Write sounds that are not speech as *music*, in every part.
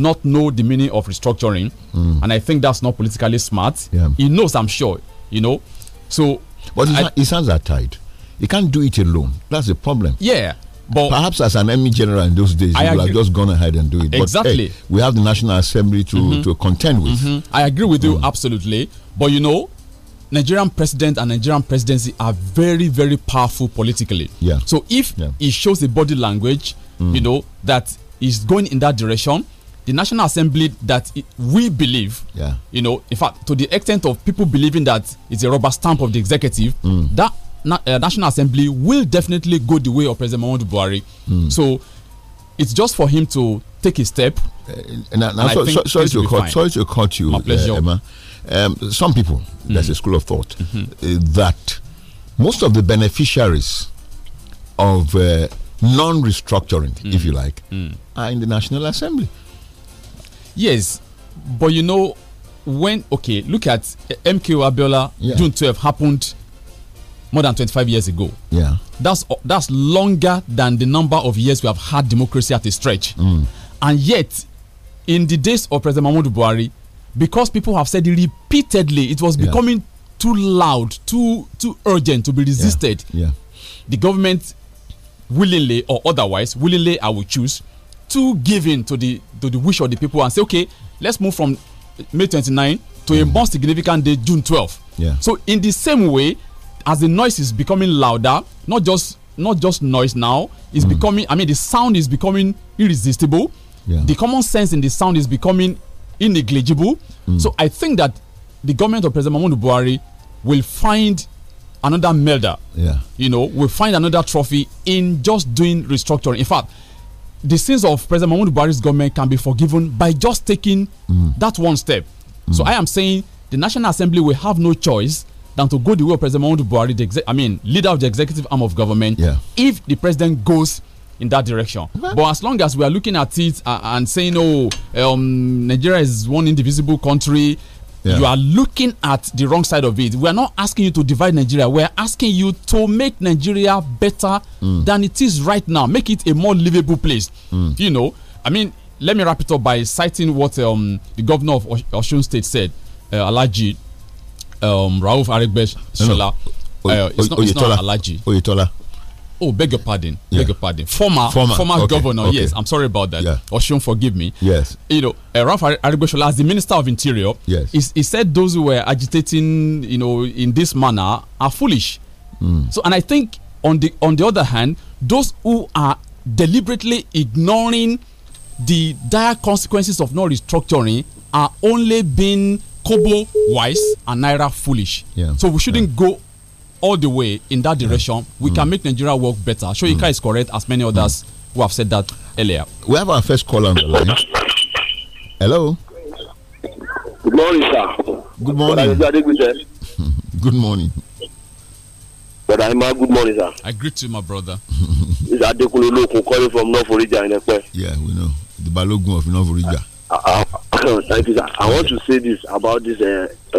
not know the meaning of restructuring, mm. and I think that's not politically smart. Yeah. He knows, I'm sure, you know. So, but his, I, hands are tied. He can't do it alone. That's the problem. Yeah. But perhaps as an army general in those days, I you would have just gone ahead and do it. Exactly. But, hey, we have the National Assembly to, mm -hmm. to contend with. Mm -hmm. I agree with you hmm. absolutely. But you know, Nigerian president and Nigerian presidency are very, very powerful politically. Yeah. So if yeah. shows the body language, hmm. you know, that is going in that direction, the National Assembly that we believe, yeah. you know, in fact, to the extent of people believing that it's a rubber stamp of the executive, mm. that na uh, National Assembly will definitely go the way of President Muhammadu Buhari. Mm. So it's just for him to take a step. Uh, now, now so, so, sorry, to cut, sorry to cut you, uh, Emma. Um, some people, mm there's a school of thought mm -hmm. uh, that most of the beneficiaries of uh, non restructuring, if mm. you like, mm. are in the National Assembly. Yes, but you know when okay, look at eh, MKO Abiola yeah. June 12 happened more than 25 years ago. Yeah. That's uh, that's longer than the number of years we have had democracy at a stretch. Mm. And yet in the days of President Mahmoud Buhari because people have said repeatedly it was yeah. becoming too loud, too too urgent to be resisted. Yeah. yeah. The government willingly or otherwise, willingly I will choose too giving to the to the wish of the people and say, okay, let's move from May 29 to mm. a more significant day, June 12. Yeah. So in the same way, as the noise is becoming louder, not just not just noise now, it's mm. becoming. I mean, the sound is becoming irresistible. Yeah. The common sense in the sound is becoming negligible. Mm. So I think that the government of President Mahmoud Buhari will find another melder. Yeah. You know, will find another trophy in just doing restructuring. In fact, the sins of President Mahmoud Buhari's government can be forgiven by just taking mm. that one step. Mm. So I am saying the National Assembly will have no choice than to go the way of President Mahmoud Buhari, I mean, leader of the executive arm of government, yeah. if the president goes in that direction. But as long as we are looking at it uh, and saying, oh, um, Nigeria is one indivisible country, yeah. You are looking at the wrong side of it. We are not asking you to divide Nigeria. We are asking you to make Nigeria better mm. than it is right now. Make it a more livable place. Mm. You know, I mean, let me wrap it up by citing what um, the governor of Osun State said, uh, Alaji um, Rauf Aregbesh Shola. No, no. Uh, it's, not, not Alaji oh beg your pardon yeah. beg your pardon former former, former okay. governor okay. yes i'm sorry about that yeah. oshun forgive me yes you know uh, ralph arigbesola as the minister of interior yes he, he, said those who were agitating you know in this manner are foolish mm. so and i think on the on the other hand those who are deliberately ignoring the dire consequences of not restructuring are only being kobo wise and naira foolish yeah. so we shouldn't yeah. go all the way in that direction, we can make Nigeria work better. Shoyinka is correct, as many others who have said that earlier. We have our first caller on the line. Hello. Good morning, sir. Good morning. *laughs* Good morning. But am good morning, sir. I greet you, my brother. *laughs* Is Adekunle Lokun calling from North Orija in Yeah, we know. The Balogun of North Orija. Uh, uh, *coughs* thank you, sir. I want to say this about this uh, uh,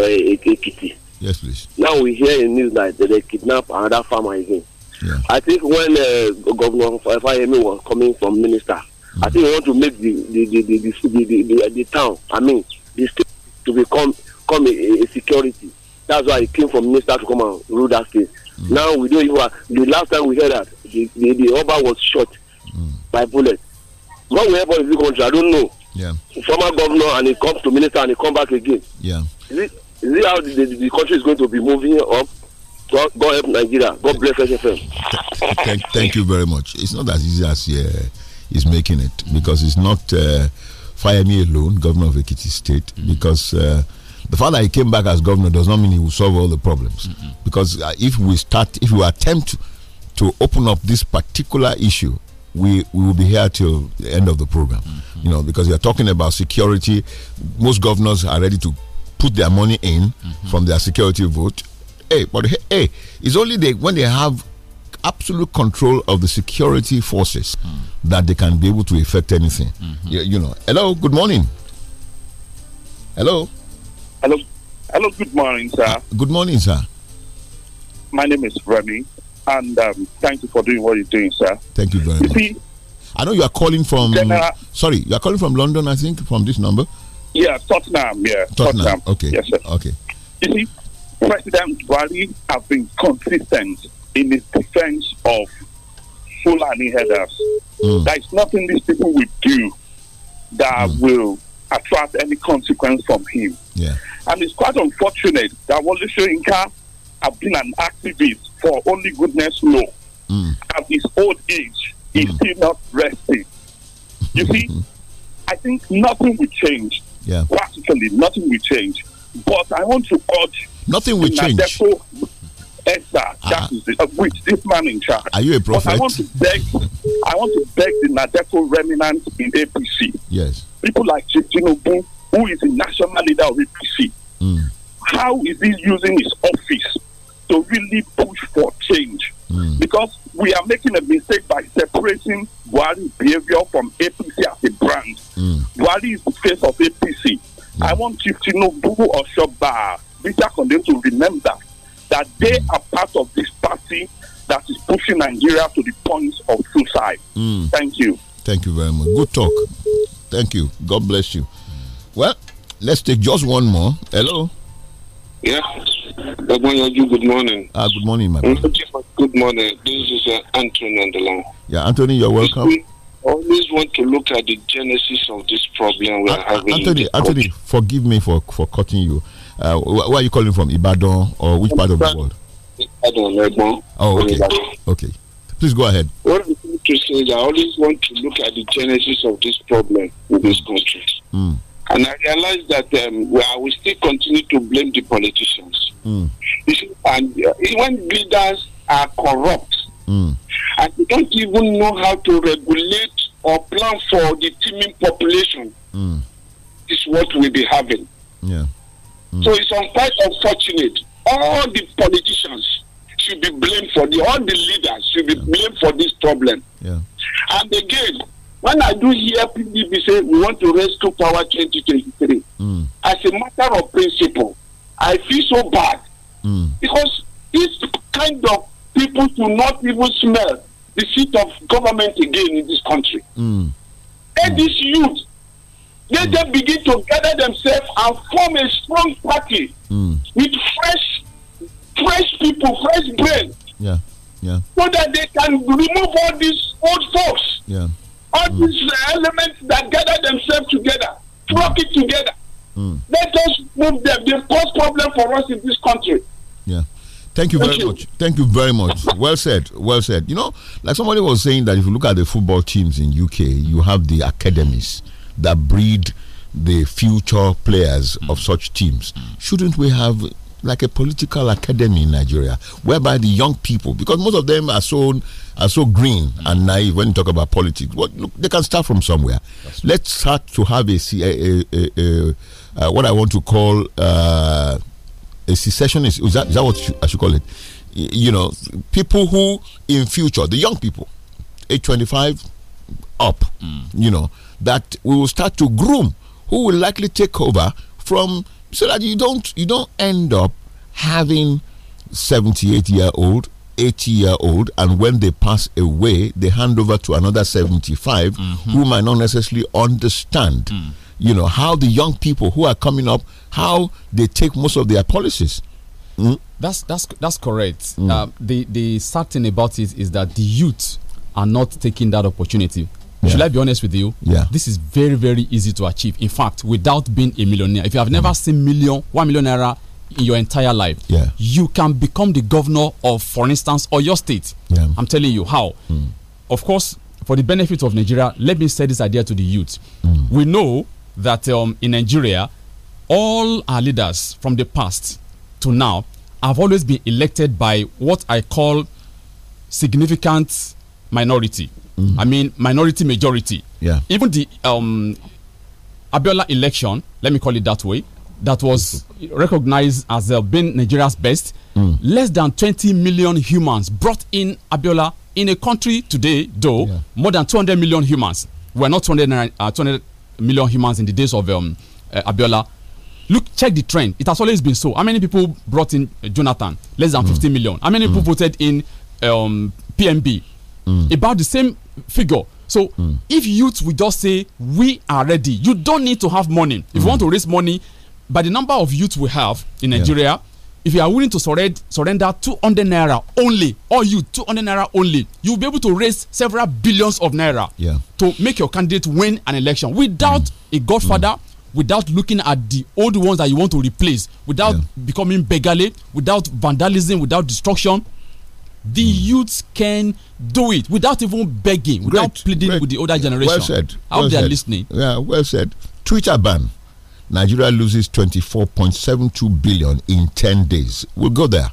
Yes, please. Now we hear in news that they kidnap another farmer again. Yeah. I think when uh, Governor Fayemi was coming from minister, mm I think he want to make the the the the the, the, the, the, the town, I mean, the state to become come a, a, security. That's why he came from minister to come and rule that place. Mm Now we don't even. The last time we heard that the the, the was shot mm by bullet. What will happen in the country? I don't know. Yeah. Former governor and he comes to minister and he come back again. Yeah. Is it, is it how the, the, the, country is going to be moving up? God, God help Nigeria. God bless FM. Thank, thank you very much. It's not as easy as uh, he's making it because it's not uh, fire me alone, governor of Ekiti State, mm-hmm. because. Uh, the fact that he came back as governor does not mean he will solve all the problems. Mm -hmm. Because uh, if we start, if we attempt to open up this particular issue, we, we will be here till the end of the program. Mm -hmm. You know, because you're talking about security. Most governors are ready to put their money in mm -hmm. from their security vote. Hey, but hey, it's only they when they have absolute control of the security forces mm. that they can be able to affect anything. Mm -hmm. you, you, know. Hello, good morning. Hello. Hello. Hello, good morning, sir. Uh, good morning, sir. My name is Remy, and um, thank you for doing what you're doing, sir. Thank you very you much. See, I know you are calling from. General, sorry, you are calling from London, I think, from this number. Yeah, Tottenham. Yeah, Tottenham. Tottenham. Okay. Yes, sir. Okay. You see, President Bali has been consistent in his defense of Fulani headers. Mm. There is nothing these people will do that mm. will attract any consequence from him. Yeah. And it's quite unfortunate that Wally Shoinka has been an activist for only goodness know. Mm. At his old age, he's mm. still not resting. You see, *laughs* I think nothing will change yeah. Practically, nothing will change. But I want to urge. Nothing will change. Adeco, ESA, ah. that is the, of uh, which this man in charge. Are you a prophet? But I want to beg. I want to beg the Nadeko remnant in APC. Yes. People like Tinubu, who is the national leader of APC. Mm. How is he using his office to really push for change? Mm. Because we are making a mistake by separating Buhari's behavior from APC as a brand. Mm. Buhari is the face of APC. Mm. I want you know, Tinubu or Shoba, Peter Condem to remember that they hmm. are part of this party that is pushing Nigeria to the point of suicide. Mm. Thank you. Thank you very much. Good talk. Thank you. God bless you. Well, let's take just one more. Hello. Yeah. Good morning, you. Good morning. Ah, good morning, my mm-hmm. Good morning. This is uh, Anthony on the line. Yeah, Anthony, you're welcome. We always want to look at the genesis of this problem we're uh, ah, ah, having. Anthony, Anthony, forgive me for for cutting you. Uh, where are you calling from? Ibadan or which part of the world? Ibadan, Lebanon. Oh, okay. Okay. Please go ahead. What I'm to say is I always want to look at the genesis of this problem in this country. Mm. And I realize that um, we, are, still continue to blame the politicians. Mm. See, and uh, even leaders are corrupt. Mm. And they don't even know how to regulate or plan for the teeming population. Mm. Is what we'll be having. Yeah. Mm. So it's quite unfortunate. All the politicians should be blamed for the all the leaders should be yeah. blamed for this problem. Yeah. And again, when I do hear PDP say we want to rescue power 2023, mm. as a matter of principle, I feel so bad mm. because this kind of people do not even smell the seat of government again in this country. Mm. Let hmm. this youth, let mm. them begin to gather themselves and form a strong party hmm. with fresh, fresh people, fresh brain, Yeah, yeah. So that they can remove all these old folks. Yeah all mm. these uh, elements that gather themselves together, flock it together. Mm. Let us move them. They cause problem for us in this country. Yeah. Thank you Thank very you. much. Thank you very much. well said. Well said. You know, like somebody was saying that if you look at the football teams in UK, you have the academies that breed the future players of such teams. Shouldn't we have like a political academy in Nigeria, whereby the young people, because most of them are so are so green mm -hmm. and naive when you talk about politics. What well, they can start from somewhere. That's Let's start to have a, a, a, a uh, what I want to call uh, a secessionist. Is that, is that what I should call it? You know, people who in future, the young people, age twenty five up, mm. you know, that we will start to groom who will likely take over from so that you don't you don't end up having 78 year old 80 year old and when they pass away they hand over to another 75 mm -hmm. who mm-hmm. might not necessarily understand mm. you know how the young people who are coming up how they take most of their policies mm. that's that's that's correct uh, the the sad thing about it is that the youth are not taking that opportunity yeah. should I be honest with you? Yeah. This is very, very easy to achieve. In fact, without being a millionaire, if you have mm. never seen million, one million naira in your entire life, yeah. you can become the governor of, for instance, or your state. Yeah. I'm telling you how. Mm. Of course, for the benefit of Nigeria, let me say this idea to the youth. Mm. We know that um, in Nigeria, all our leaders from the past to now have always been elected by what I call significant minority. Mm. I mean, minority majority. Yeah. Even the um, Abiola election, let me call it that way, that was recognized as uh, being Nigeria's best. Mm. Less than 20 million humans brought in Abiola in a country today, though, yeah. more than 200 million humans. were not 200, uh, 200 million humans in the days of um, uh, Abiola. Look, check the trend. It has always been so. How many people brought in uh, Jonathan? Less than mm. 15 million. How many mm. people voted in um, PMB? mm. about the same figure. So mm. if youth we just say we are ready, you don't need to have money. If you mm. want to raise money, by the number of youth we have in Nigeria, yeah. if you are willing to surrend surrender 200 naira only, or you 200 naira only, you'll be able to raise several billions of naira yeah. to make your candidate win an election without mm. a godfather mm. without looking at the old ones that you want to replace, without yeah. becoming beggarly, without vandalism, without destruction the hmm. youths can do it without even begging, without great, pleading great. with the older generation. Well said. Well they are listening. Yeah, well said. Twitter ban. Nigeria loses 24.72 billion in 10 days. We'll go there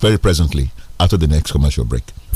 very presently after the next commercial break.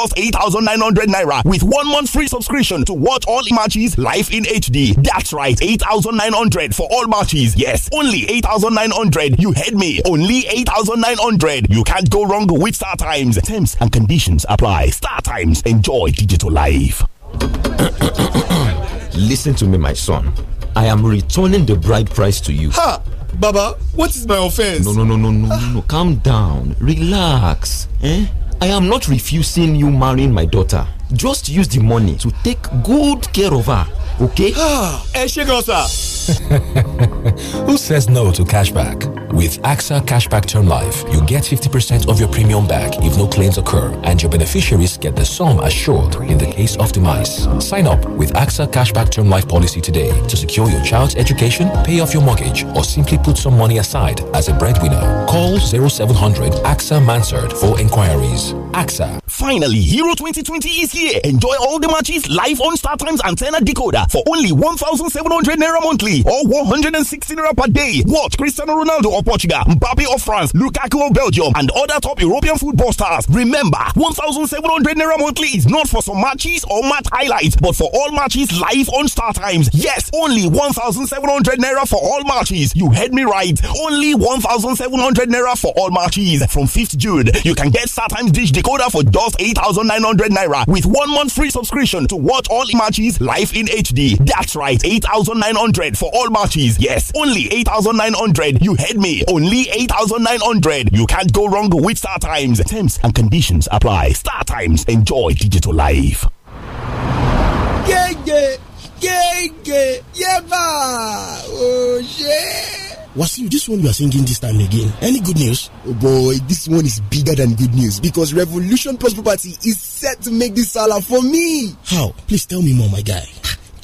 just 8,900 naira with one month free subscription to watch all matches live in HD. That's right, 8,900 for all matches. Yes, only 8,900. You heard me. Only 8,900. You can't go wrong with Star Times. Terms and conditions apply. Star Times. Enjoy digital life. *coughs* Listen to me, my son. I am returning the bride price to you. Ha! Baba, what is my offense? No, no, no, no, no, no. Calm down. Relax. Eh? I am not refusing you marrying my daughter. Just use the money to take good care of her, okay? Ah, ẹ ṣe sir. *laughs* Who says no to cashback? With AXA Cashback Term Life, you get 50% of your premium back if no claims occur, and your beneficiaries get the sum assured in the case of demise. Sign up with AXA Cashback Term Life policy today to secure your child's education, pay off your mortgage, or simply put some money aside as a breadwinner. Call 0700 AXA Mansard for inquiries. AXA. Finally, Hero 2020 is here. Enjoy all the matches live on StarTimes Antenna Decoder for only 1,700 Naira monthly or 160 naira per day. Watch Cristiano Ronaldo of Portugal, Mbappe of France, Lukaku of Belgium, and other top European football stars. Remember, 1,700 naira monthly is not for some matches or match highlights, but for all matches live on Star Times. Yes, only 1,700 naira for all matches. You heard me right. Only 1,700 naira for all matches. From 5th June, you can get Star Times Dish Decoder for just 8,900 naira with one month free subscription to watch all matches live in HD. That's right, 8,900 for all matches. Yes, only 8,900. You heard me. Only 8,900. You can't go wrong with Star Times. Terms and conditions apply. Star Times. Enjoy digital life. Yeah, yeah. Yeah, yeah. Yeah, Oh, yeah. this one you are singing this time again. Any good news? Oh boy, this one is bigger than good news because Revolution Plus Property is set to make this salah for me. How? Please tell me more, my guy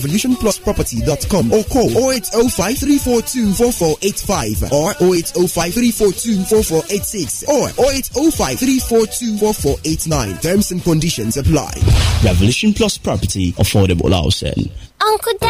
revolutionplusproperty.com or call 0805 342 4485 or 0805 342 4486 or 0805 342 4489. Terms and conditions apply. Revolution Plus Property Affordable Housing. Uncle Dad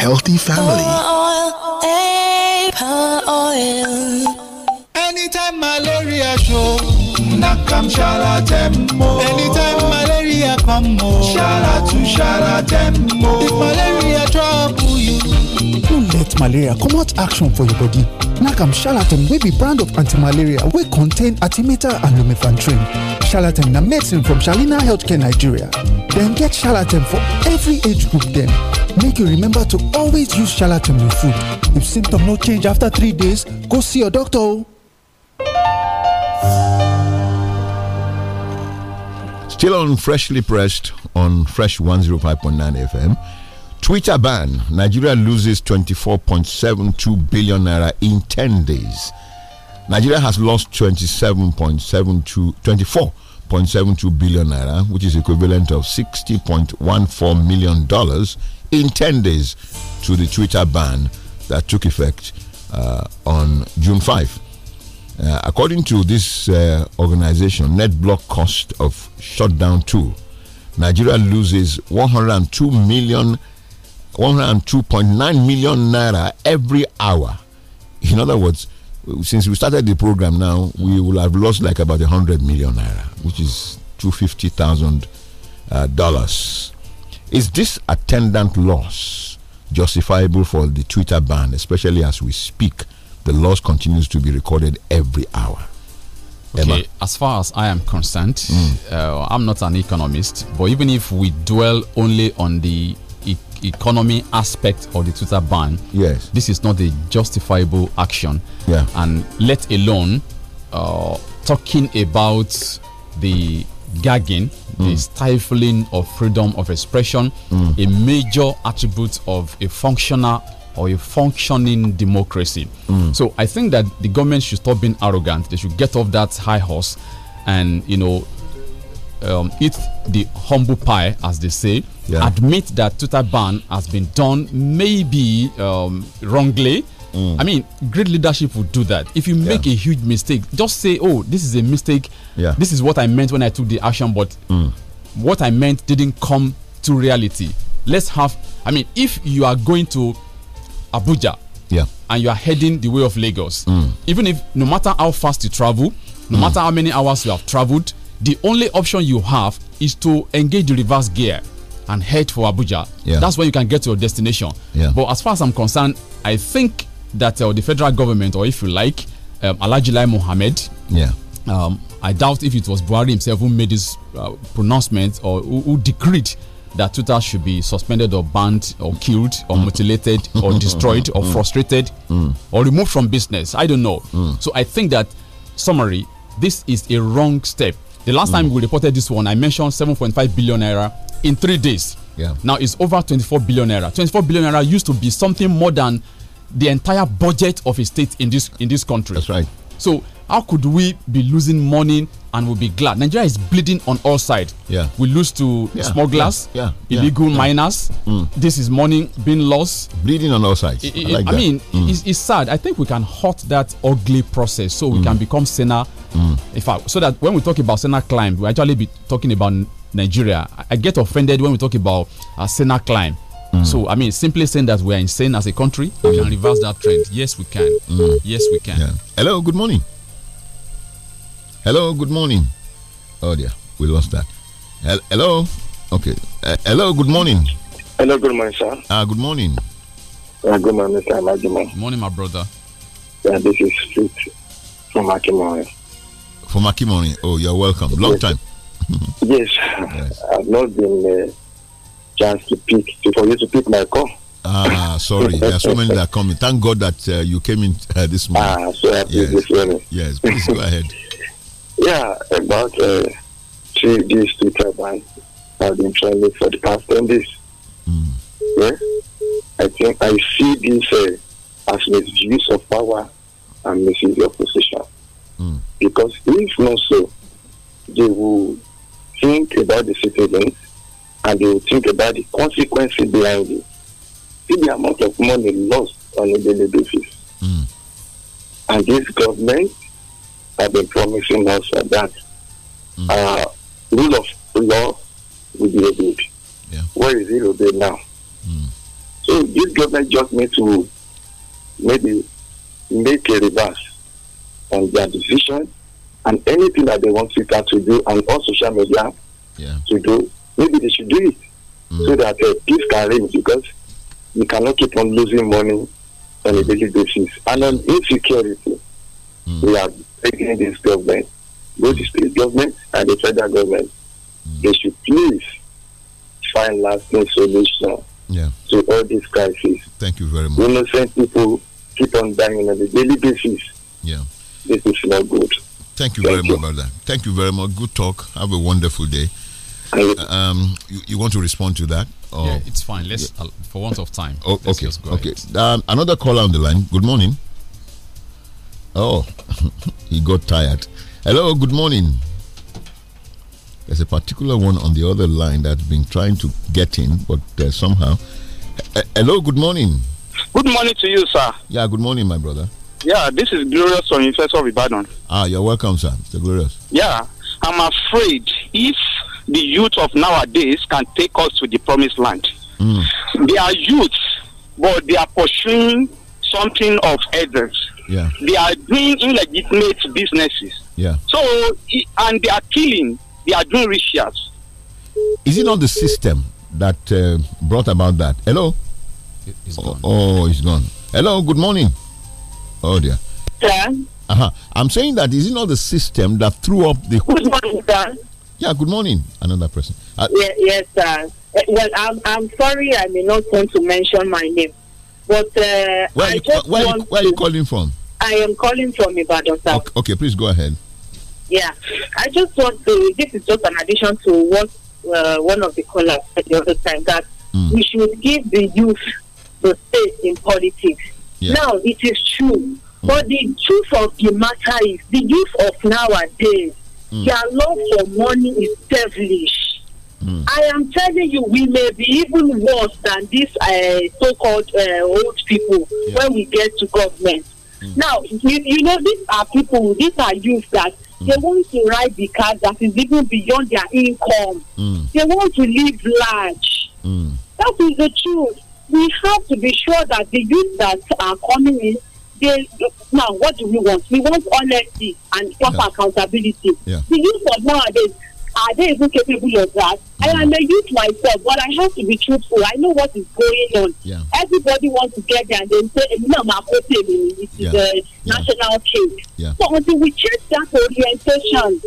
healthy family. Oil, eh, oil, Anytime malaria show, knock am shalatemmo. Oh. Anytime malaria come, oh. shala to shalatemmo. Oh. If malaria drop, no let malaria out action for your body nakam charlatan wey be brand of anti-malaria will contain artimata and lumefantrine charlatan na medicine from shalina healthcare nigeria Then get charlatan for every age group Then make you remember to always use charlatan with food if symptoms no change after three days go see your doctor Still on Freshly Pressed on Fresh 105.9 FM. Twitter ban. Nigeria loses 24.72 billion naira in 10 days. Nigeria has lost 27.72 24.72 billion naira, which is equivalent of 60.14 million dollars in 10 days to the Twitter ban that took effect uh, on June 5. Uh, according to this uh, organization, net block cost of shutdown 2, Nigeria loses 102 million 102.9 million naira every hour. In other words, since we started the program now, we will have lost like about 100 million naira, which is $250,000. Uh, is this attendant loss justifiable for the Twitter ban, especially as we speak? The loss continues to be recorded every hour. Okay, as far as I am concerned, mm. uh, I'm not an economist, but even if we dwell only on the economy aspect of the Twitter ban, yes, this is not a justifiable action. Yeah, and let alone uh, talking about the gagging, mm. the stifling of freedom of expression, mm. a major attribute of a functional or a functioning democracy. Mm. So I think that the government should stop being arrogant. They should get off that high horse and you know um, eat the humble pie, as they say, yeah. admit that Twitter ban has been done maybe um, wrongly. Mm. I mean, great leadership would do that. If you make yeah. a huge mistake, just say, "Oh, this is a mistake. Yeah. This is what I meant when I took the action, but mm. what I meant didn't come to reality." Let's have. I mean, if you are going to Abuja, yeah. and you are heading the way of Lagos, mm. even if no matter how fast you travel, no mm. matter how many hours you have traveled, the only option you have is to engage the reverse gear and head for Abuja. Yeah. That's where you can get to your destination. Yeah. But as far as I'm concerned, I think that uh, the federal government, or if you like, um, Alaji Mohammed, yeah. Um, I doubt if it was Buhari himself who made this uh, pronouncement or who, who, decreed that Twitter should be suspended or banned or killed or mm. mutilated or *laughs* destroyed or mm. frustrated mm. or removed from business. I don't know. Mm. So I think that, summary, this is a wrong step the last mm. time we reported this one, I mentioned 7.5 billion naira in three days. Yeah. Now it's over 24 billion naira. 24 billion naira used to be something more than the entire budget of a state in this in this country. That's right. So how could we be losing money and we'll be glad? Nigeria is bleeding on all sides. Yeah. We lose to yeah. smugglers, yeah. yeah. illegal miners. Mm. This is money being lost. Bleeding on all sides. It, it, I, like I mean, mm. it's, it's, sad. I think we can halt that ugly process so we mm. can become saner. Mm. In fact, so that when we talk about Senna climb, we actually be talking about Nigeria. I get offended when we talk about uh, Sena climb. Mm. So I mean, simply saying that we are insane as a country, we can reverse that trend. Yes, we can. Mm. Yes, we can. Yeah. Hello. Good morning. Hello, good morning. Oh dear, we lost that. Hello. Okay. Uh, hello, good morning. Hello, good morning, sir. Uh, good morning. Uh, good morning, Mr. Amajimo. Morning, my brother. Yeah, this is Fit from Akimori. From Akimori. Oh, you're welcome. Long yes. time. *laughs* yes. yes. I've not been uh, chance to pick for you to pick my call. Ah, sorry. There are so many that are coming. Thank God that uh, you came in uh, this morning. Ah, so happy yes. this morning. Yes, please go ahead. *laughs* Yeah, about uh, three days to Taiwan. I've been traveling for the past 10 days. Mm. Yeah? I think I see this uh, as misuse of power and misuse of position. Mm. Because if not so, they will think about the citizens and they will think about the consequences behind it. See the amount of money lost on a daily basis. Mm. And this government have been promising us that mm. uh, rule of law will be obeyed. Yeah. Where is it obeyed now? Mm. So this government just needs to maybe make a reverse on their decision and anything that they want Twitter to do and all social media yeah. to do, maybe they should do it mm. so that uh, peace can reign because we cannot keep on losing money on a daily basis. And on insecurity, hmm. we are begging this government, both the state government and the federal government, mm. they should please find lasting solution yeah. to all these crises. Thank you very much. Innocent people keep on dying on a daily basis. Yeah. This is not good. Thank you Thank very you. much, brother. Thank you very much. Good talk. Have a wonderful day. Uh, um, you, you want to respond to that? Or? Yeah, it's fine. Let's, yeah. Uh, for want of time. Oh, okay. okay. Um, another caller on the line. Good morning. Oh, *laughs* he got tired. Hello, good morning. There's a particular one on the other line that's been trying to get in, but uh, somehow. H hello, good morning. Good morning to you, sir. Yeah, good morning, my brother. Yeah, this is Glorious from University of Ibadan. Ah, you're welcome, sir. Mr. Glorious. Yeah, I'm afraid if the youth of nowadays can take us to the promised land, mm. they are youth, but they are pursuing something of others yeah. They are doing illegitimate businesses. Yeah. So and they are killing. They are doing rituals. Is it not the system that uh, brought about that? Hello. oh, oh, it's gone. Hello. Good morning. Oh dear. Yeah. Uh -huh. I'm saying that is it not the system that threw up the. Good morning, sir. Yeah, good morning. Another person. Uh, yeah, yes, sir. Eh, well, I'm, I'm sorry I may not want to mention my name, but. Uh, where, you, where, where, where are you calling from? I am calling from Ibadan. Okay, okay, please go ahead. Yeah, I just want to. This is just an addition to what uh, one of the callers said the other time that mm. we should give the youth the space in politics. Yeah. Now it is true, mm. but the truth of the matter is the youth of nowadays, mm. their love for money is devilish. Mm. I am telling you, we may be even worse than these uh, so-called uh, old people yeah. when we get to government. Mm. Now, you, you know, these are people, these are youth that mm. they want to ride the car that is even beyond their income. Mm. They want to live large. Mm. That is the truth. We have to be sure that the youth that are coming in, they now what do we want? We want honesty and proper yeah. accountability. Yeah. The youth of nowadays, are they even capable of that? And I'm a youth myself, but I have to be truthful. I know what is going on. Yeah. Everybody wants to get there and they say, no, my problem is yeah. the yeah. national cake. Yeah. So until we change that orientation,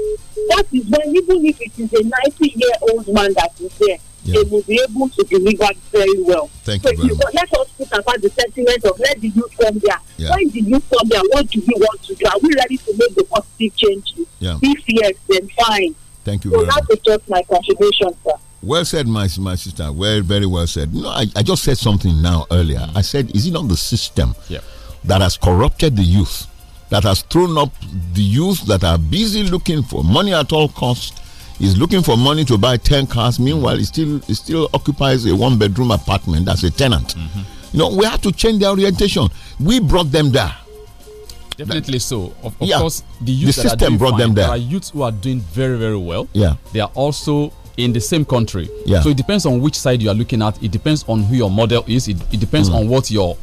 that is when even if it is a 90 year old man that is there, yeah. they will be able to deliver very well. Thank so you. Very much. Let us put about the sentiment of let the youth come there. Yeah. did you come there? What do you want to do? Are we ready to make the positive changes? Yeah. If yes, then fine. Thank you very much. to just my contribution, sir. Well said, my, my sister. Well, very well said. No, I, I just said something now earlier. Mm. I said, is it not the system that has corrupted the youth, that has thrown up the youth that are busy looking for money at all costs, is looking for money to buy 10 cars. Meanwhile, he still, he still occupies a one bedroom apartment as a tenant. Mm -hmm. You know, we have to change the orientation. We brought them there Definitely so. Of, of yeah. course, the youth the system brought fine, them there. there are youths who are doing very, very well. Yeah. They are also in the same country. Yeah. So it depends on which side you are looking at. It depends on who your model is. It, it depends mm. on what your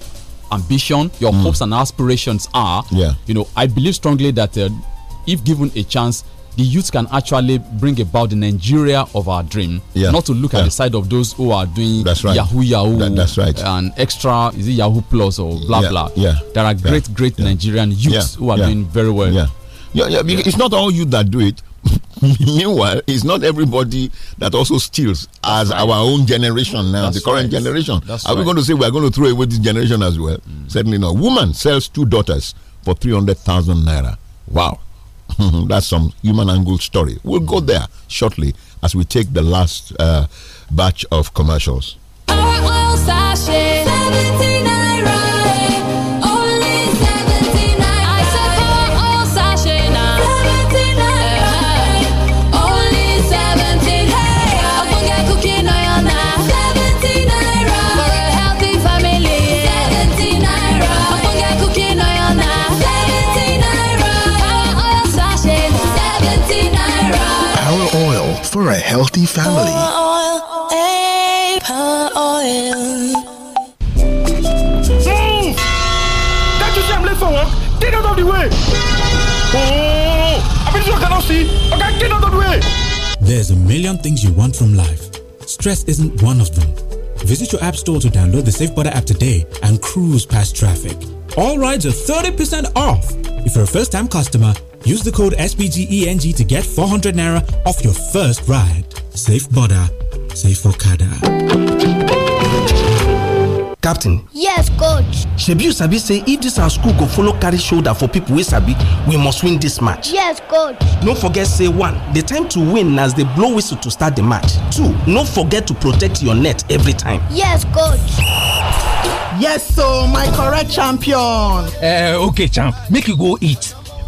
ambition, your mm. hopes and aspirations are. Yeah. You know, I believe strongly that uh, if given a chance, the youth can actually bring about the Nigeria of our dream. Yeah. Not to look yeah. at the side of those who are doing that's right. Yahoo Yahoo. That, that's right. And extra is it Yahoo Plus or blah yeah. blah. Yeah. There are great great Nigerian youths who are doing very well. Yeah. Yeah, yeah, It's not all you that do it. *laughs* Meanwhile, it's not everybody that also steals as right. our own generation now, That's the current right. generation. That's Are we going to say we are going to throw away this generation as well? Mm. Certainly not. Woman sells two daughters for 300,000 naira. Wow. *laughs* That's some human angle story. We'll go there shortly as we take the last uh, batch of commercials. for a healthy family. Oil, oil, Move! Can't you see I'm late for work? Get out of the way! Oh! I mean, you cannot see. Okay, get out of the way! There's a million things you want from life. Stress isn't one of them. Visit your app store to download the Safe Butter app today and cruise past traffic. All rides are 30% off. If you're a first time customer, Use the code SBGENG to get 400 Naira off your first ride. Safe border, safe Okada. Captain. Yes, coach. Shebi you sabi say if this our school go follow carry shoulder for people wey sabi, we must win this match. Yes, coach. No forget say one, the time to win as they blow whistle to start the match. Two, no forget to protect your net every time. Yes, coach. Yes, so my correct champion. Uh, okay, champ. Make you go eat.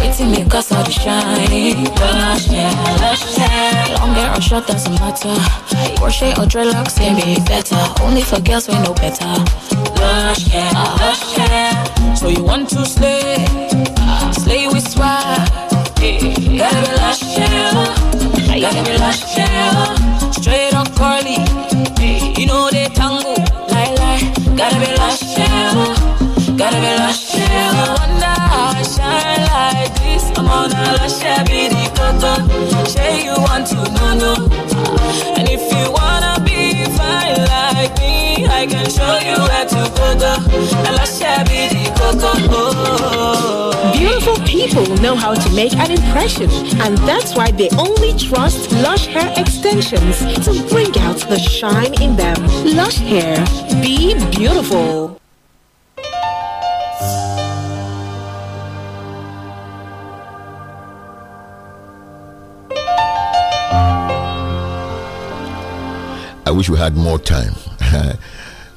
Waiting me cause all the shining Lush, yeah, lush, yeah Long hair or short doesn't matter Crochet or dreadlocks can be better Only for girls we know better Lush, yeah, lush, yeah So you want to slay ah, Slay with swag Gotta be lush, yeah Gotta be lush, yeah Straight or curly You know they tango Lie, lie Gotta be lush, yeah Gotta be lush, yeah i Say you want to And if you wanna be fine like me, I can show you where to go, go. Oh. Beautiful people know how to make an impression, and that's why they only trust Lush Hair Extensions to bring out the shine in them. Lush Hair, be beautiful. I wish we had more time. *laughs*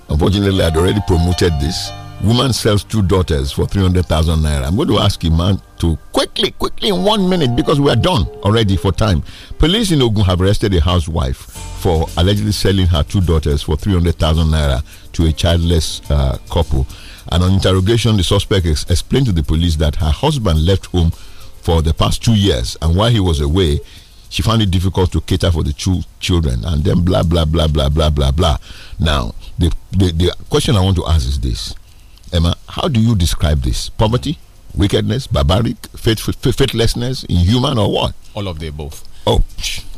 Unfortunately, I'd already promoted this. Woman sells two daughters for 300,000 naira. I'm going to ask you, man, to quickly, quickly, in one minute, because we are done already for time. Police in Ogun have arrested a housewife for allegedly selling her two daughters for 300,000 naira to a childless uh, couple. And on interrogation, the suspect ex explained to the police that her husband left home for the past two years, and while he was away, she found it difficult to cater for the two children, and then blah blah blah blah blah blah blah. Now, the, the the question I want to ask is this, Emma: How do you describe this poverty, wickedness, barbaric, faith, faithlessness, inhuman, or what? All of the above. Oh.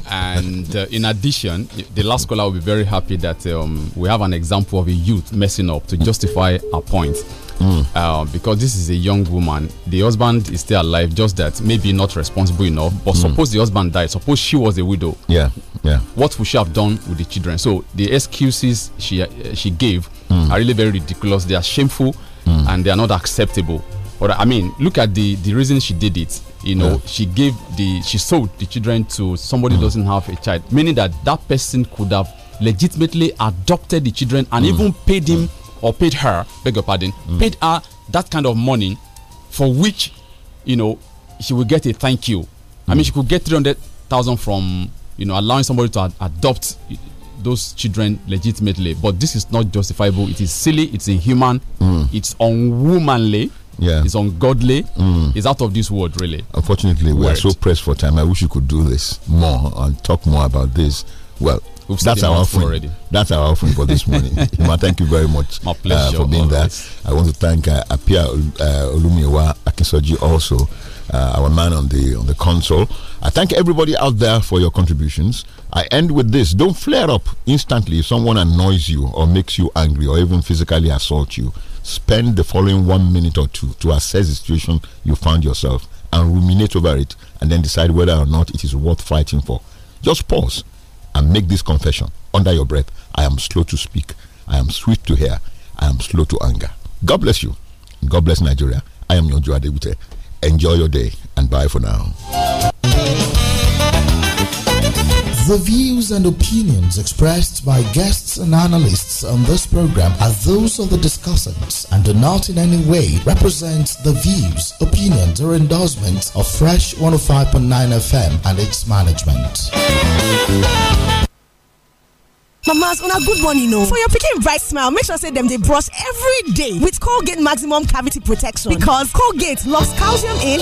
And uh, in addition, the last caller will be very happy that um, we have an example of a youth messing up to justify our point. Mm. Um, because this is a young woman. The husband is still alive, just that maybe not responsible enough. But mm. suppose the husband died, suppose she was a widow. Yeah, yeah. What would she have done with the children? So the excuses she uh, she gave mm. are really very ridiculous. They are shameful hmm. and they are not acceptable. But I mean, look at the the reason she did it. You know, yeah. she gave the she sold the children to somebody hmm. doesn't have a child, meaning that that person could have legitimately adopted the children and hmm. even paid him or paid her, beg your pardon, mm. paid her that kind of money for which, you know, she will get a thank you. Mm. I mean, mm. she could get 300,000 from, you know, allowing somebody to ad adopt those children legitimately. But this is not justifiable. It is silly. It's inhuman. Mm. It's unwomanly. Yeah. It's ungodly. Mm. It's out of this world, really. Unfortunately, we Word. are so pressed for time. I wish you could do this more and talk more about this. Well, that's our offering. Already. That's our offering for this morning. *laughs* Ma, thank you very much My pleasure, uh, for being there. I want to thank uh, Apia uh, Olumiwa Akinsoji also, uh, our man on the on the console. I thank everybody out there for your contributions. I end with this: Don't flare up instantly if someone annoys you or makes you angry or even physically assault you. Spend the following one minute or two to assess the situation you found yourself and ruminate over it, and then decide whether or not it is worth fighting for. Just pause and make this confession under your breath I am slow to speak, I am swift to hear, I am slow to anger. God bless you. God bless Nigeria. I am your Adebute. Enjoy your day and bye for now. The views and opinions expressed by guests and analysts on this program are those of the discussants and do not in any way represent the views, opinions, or endorsements of Fresh 105.9 FM and its management. Mamas, on a good morning, you know. For your picking bright smile, make sure say them they brush every day with Colgate Maximum Cavity Protection because Colgate locks calcium in.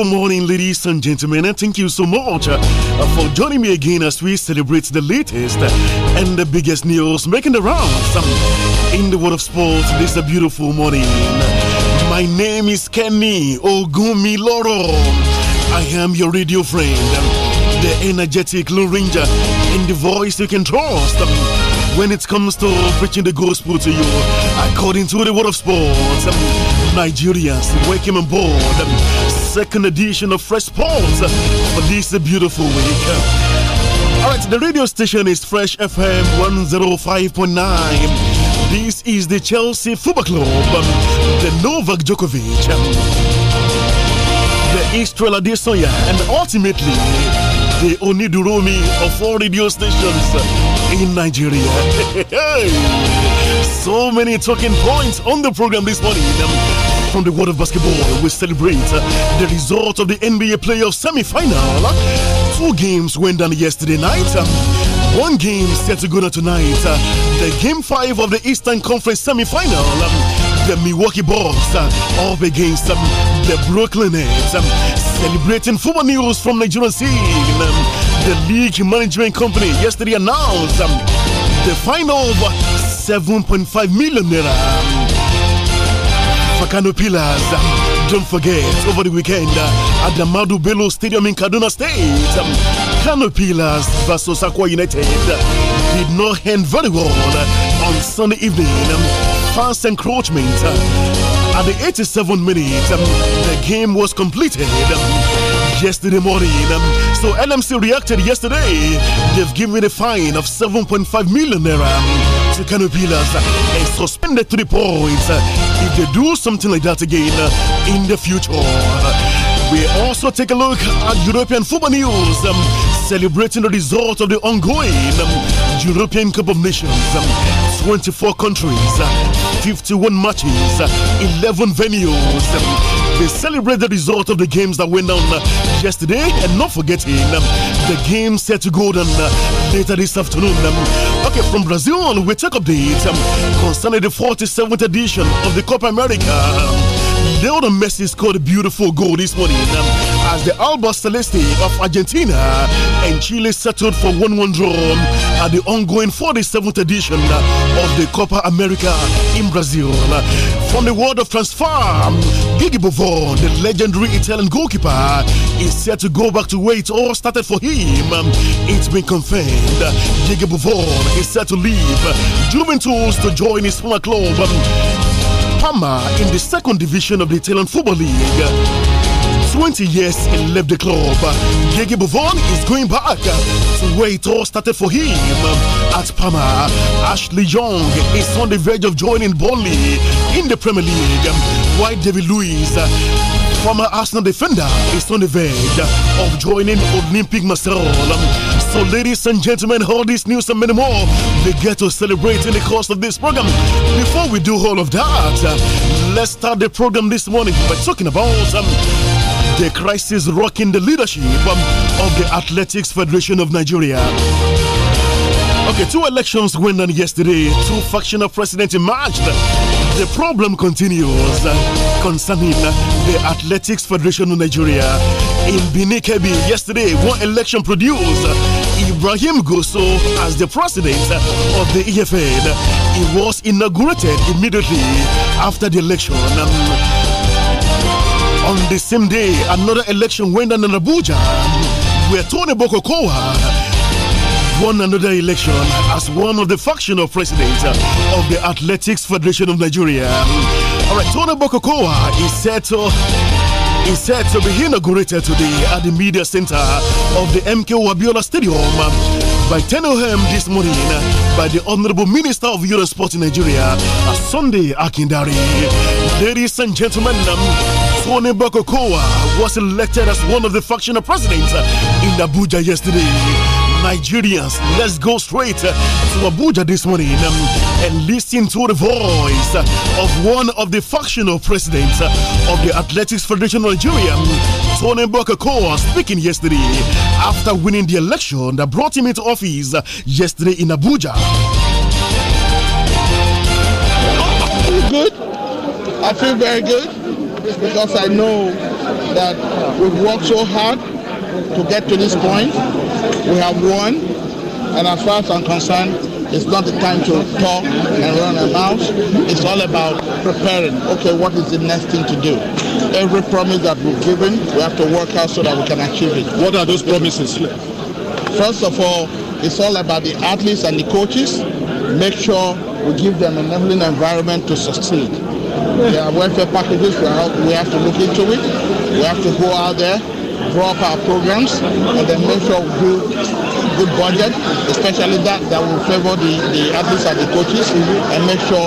Wonderful morning, ladies and gentlemen, and thank you so much uh, for joining me again as we celebrate the latest and the biggest news making the rounds um, in the world of sports. This is a beautiful morning. My name is Kenny Ogumiloro. I am your radio friend, um, the energetic Lone Ranger, and the voice you can trust. Um, when it comes to preaching the gospel to you according to the world of sports. Um, Nigerians, welcome on board. Um, second edition of Fresh Pulse for this beautiful week. All right, the radio station is Fresh FM 105.9. This is the Chelsea Football Club, the Novak Djokovic, the de Soya, and ultimately the Onidurumi of all radio stations in Nigeria. *laughs* so many talking points on the program this morning from the world of basketball, we celebrate uh, the result of the NBA playoff semi-final. Two games went down yesterday night. One game set to go tonight. The game five of the Eastern Conference semi-final. The Milwaukee Bucks uh, up against um, the Brooklyn Nets. Um, celebrating football news from Nigerian scene. Um, the league management company yesterday announced the final of 7.5 million naira Fakano Pillars. Don't forget, over the weekend at the Madu Bello Stadium in Kaduna State, Kano Pillars versus Aqua United did not end very well on Sunday evening. Fast encroachment. At the 87th minute, the game was completed yesterday morning. So LMC reacted yesterday. They've given a fine of 7.5 million naira the Canopilas and suspended to the points if they do something like that again in the future. We also take a look at European football news, um, celebrating the result of the ongoing um, European Cup of Nations. Um, 24 countries, 51 matches, 11 venues um, they celebrate the result of the games that went on uh, yesterday, and not forgetting um, the game set to go on uh, later this afternoon. Um, okay, from Brazil, we take the um, concerning the 47th edition of the Copa America. Um. The other message called a beautiful goal this morning um, as the Alba Celeste of Argentina and Chile settled for 1 1 draw um, at the ongoing 47th edition uh, of the Copa America in Brazil. Uh, from the world of transfer, um, Gigi Buffon, the legendary Italian goalkeeper, is set to go back to where it all started for him. Um, it's been confirmed. Gigi Buffon is set to leave Juventus to join his former club in the second division of the Italian Football League. 20 years he left the club. Gigi Buffon is going back to where it all started for him at Parma. Ashley Young is on the verge of joining Burnley in the Premier League. While David Luiz, former Arsenal defender, is on the verge of joining Olympic Marseille. So, ladies and gentlemen, all this news and many more, they get to celebrate in the course of this program. Before we do all of that, uh, let's start the program this morning by talking about. Um, the crisis rocking the leadership um, of the Athletics Federation of Nigeria. Okay, two elections went on yesterday. Two factional presidents emerged. The problem continues uh, concerning uh, the Athletics Federation of Nigeria. In Benin Kebi, yesterday, one election produced Ibrahim Goso as the president of the EFN. It was inaugurated immediately after the election. on the same day, another election went on in Abuja, where Tony Bokokoa won another election as one of the factional presidents president of the Athletics Federation of Nigeria. All right, Tony Bokokoa is set to is set to be inaugurated today at the media center of the MK Wabiola Stadium by 10 a.m. this morning by the Honorable Minister of Eurosport in Nigeria, Sunday Akindari. Ladies and gentlemen, Tony Bakokoa was elected as one of the factional presidents in Abuja yesterday. Nigerians, let's go straight to Abuja this morning um, and listen to the voice of one of the functional presidents of the Athletics Federation of Nigeria, um, Tony Bokakoa, speaking yesterday after winning the election that brought him into office yesterday in Abuja. Good. I feel very good because I know that we've worked so hard to get to this point we have won, and as far as I'm concerned, it's not the time to talk and run a mouth. It's all about preparing. Okay, what is the next thing to do? Every promise that we've given, we have to work out so that we can achieve it. What are those promises? First of all, it's all about the athletes and the coaches. Make sure we give them an enabling environment to succeed. There are welfare packages, we have to look into it. We have to go out there Grow up our programs and then make sure we do good budget, especially that that will favor the, the athletes and the coaches and make sure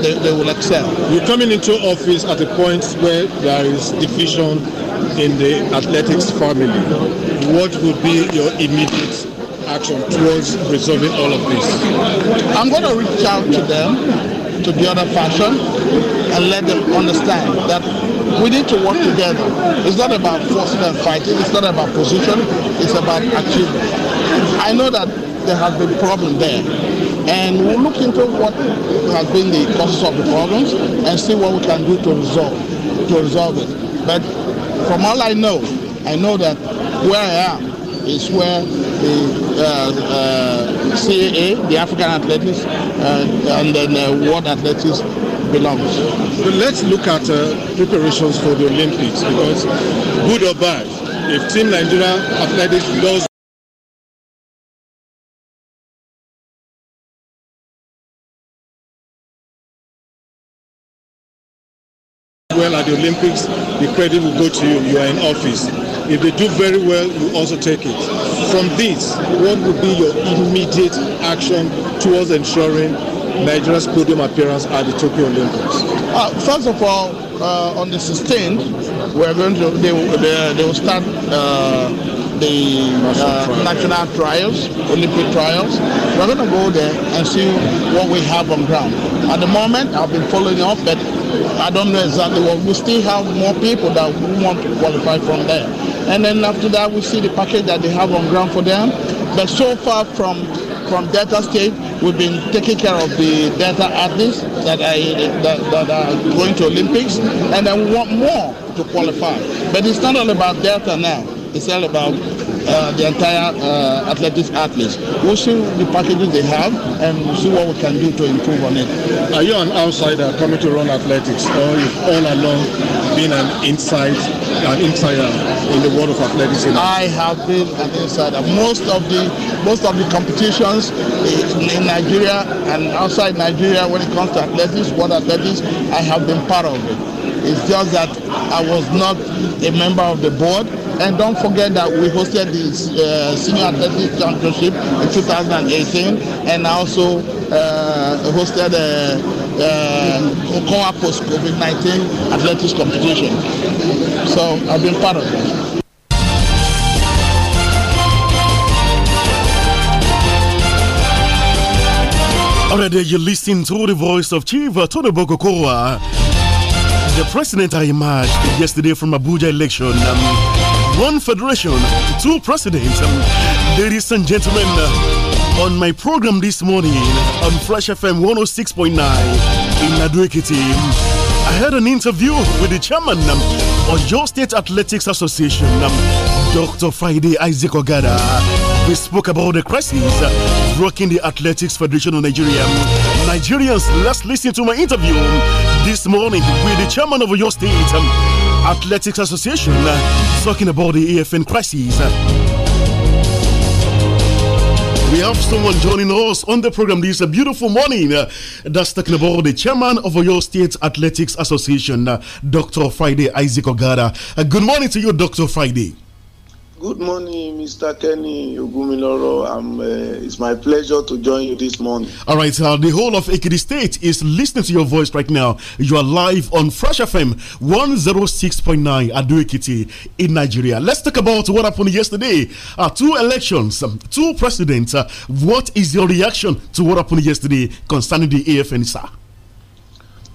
they, they will excel. You're coming into office at a point where there is division in the athletics family. What would be your immediate action towards resolving all of this? I'm going to reach out to them, to the other fashion, and let them understand that we need to work together. It's not about forcing and fighting. It's not about position. It's about achievement. I know that there has been problem there. And we'll look into what has been the causes of the problems and see what we can do to resolve to resolve it. But from all I know, I know that where I am is where the uh, uh, CAA, the African Athletics, uh, and then uh, World Athletics belongs. But let's look at uh, preparations for the Olympics because good or bad, if Team Nigeria Athletics does well at the Olympics, the credit will go to you. You are in office. If they do very well, you also take it. From this, what would be your immediate action towards ensuring Nigeria's podium appearance at the Tokyo Olympics? Uh, first of all, uh, on the 16th, we're going to they, they, they will start uh, the national uh, trials, Olympic trials. We're going to go there and see what we have on ground. At the moment, I've been following up, but I don't know exactly what. We still have more people that want to qualify from there. And then after that, we see the package that they have on ground for them. But so far from from Delta State, we've been taking care of the Delta athletes that are, that, that are going to Olympics, and then we want more to qualify. But it's not all about Delta now. It's all about uh, the entire uh, athletics athletes. We'll see the packages they have and see what we can do to improve on it. Are you an outsider coming to run athletics, or you've all along been an inside an insider in the world of athletics? I have been an insider. Most of the most of the competitions in Nigeria and outside Nigeria, when it comes to athletics, world athletics, I have been part of it. It's just that I was not a member of the board. And don't forget that we hosted the uh, Senior Athletics Championship in 2018 and also uh, hosted the uh, Post COVID-19 Athletics Competition. So I've been part of it. Already you're listening to the voice of Chief Tony Bogokoa, the president I emerged yesterday from Abuja election. Um, one federation, two presidents. Ladies and gentlemen, on my program this morning on Fresh FM 106.9 in Aduekiti, I had an interview with the chairman of your State Athletics Association, Dr. Friday Isaac Ogada we spoke about the crisis rocking the Athletics Federation of Nigeria. Nigerians, let's listen to my interview this morning with the chairman of your state. Athletics Association uh, talking about the AFN crisis. Uh. We have someone joining us on the program this uh, beautiful morning. that's talking about the chairman of Oyo State Athletics Association, Dr. Friday Isaac Ogada. good morning to you, Dr. Friday. Good morning, Mr. Kenny Ogumiloro. Um, uh, it's my pleasure to join you this morning. All right, uh, the whole of Ekiti State is listening to your voice right now. You are live on Fresh FM 106.9 Adu Ekiti in Nigeria. Let's talk about what happened yesterday. Uh, two elections, um, two presidents. Uh, what is your reaction to what happened yesterday concerning the AFN, sir?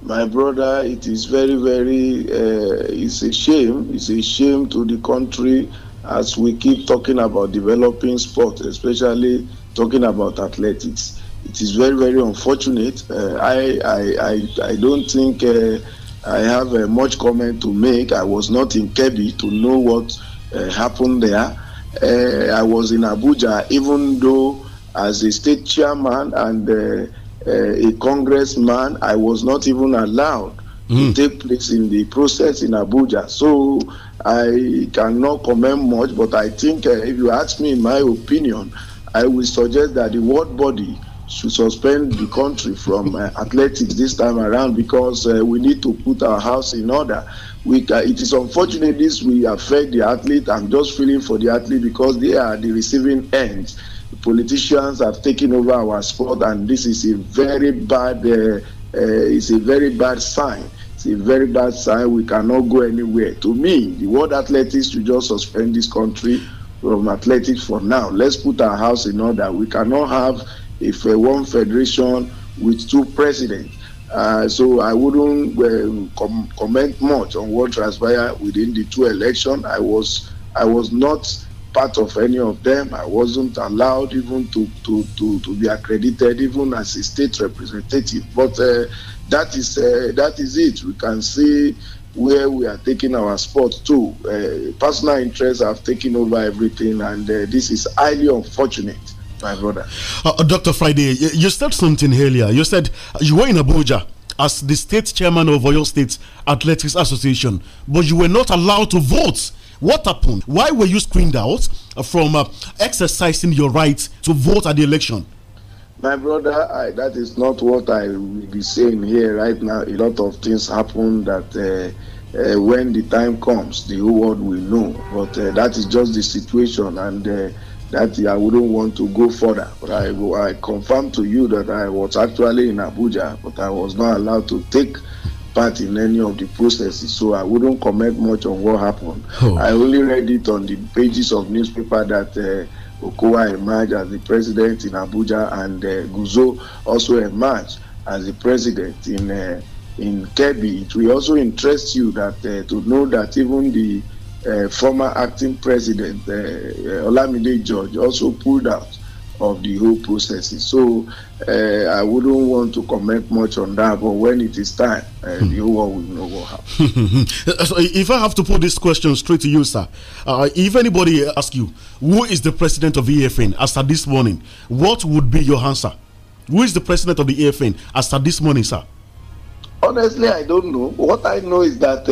my brother it is very very uh, it's a shame it's a shame to the country as we keep talking about developing sport, especially talking about athletics. It is very, very unfortunate. Uh, I, I, I, I, don't think uh, I have uh, much comment to make. I was not in Kebi to know what uh, happened there. Uh, I was in Abuja, even though as a state chairman and uh, a congressman, I was not even allowed mm. to hmm. take place in the process in Abuja. So I cannot comment much, but I think uh, if you ask me my opinion, I will suggest that the world body should suspend the country from uh, athletics this time around because uh, we need to put our house in order. We, uh, it is unfortunate this will affect the athlete. I'm just feeling for the athlete because they are the receiving end. The politicians have taken over our sport, and this is a very bad. Uh, uh, it's a very bad sign it's a very bad sign. We cannot go anywhere. To me, the World Athletics should just suspend this country from athletics for now. Let's put our house in order. We cannot have if uh, one federation with two presidents. Uh, so I wouldn't um, com comment much on what transpired within the two elections. I was I was not part of any of them. I wasn't allowed even to to to, to be accredited even as a state representative. But uh, that is uh, that is it. We can see where we are taking our sport to. Uh, personal interests have taken over everything, and uh, this is highly unfortunate. My brother, uh, uh, Dr. Friday, you said something earlier. You said you were in Abuja as the state chairman of Oyo State Athletics Association, but you were not allowed to vote. What happened? Why were you screened out from uh, exercising your right to vote at the election? My brother, I, that is not what I will be saying here right now. A lot of things happen that uh, uh, when the time comes, the whole world will know. But uh, that is just the situation, and uh, that I wouldn't want to go further. But I, I confirm to you that I was actually in Abuja, but I was not allowed to take part in any of the processes, so I wouldn't comment much on what happened. Oh. I only read it on the pages of newspaper that. Uh, Okowa emerged as the president in Abuja, and uh, Guzo also emerged as the president in uh, in Kebbi. It will also interest you that uh, to know that even the uh, former acting president uh, uh Olamide George also pulled out of the whole processes. So uh, I wouldn't want to comment much on that, but when it is time, uh, the whole world will know what happened. *laughs* Eh, so if I have to put this question straight to you, sir, uh, if anybody asks you, who is the president of the EFN after this morning, what would be your answer? Who is the president of the EFN after this morning, sir? Honestly, I don't know. What I know is that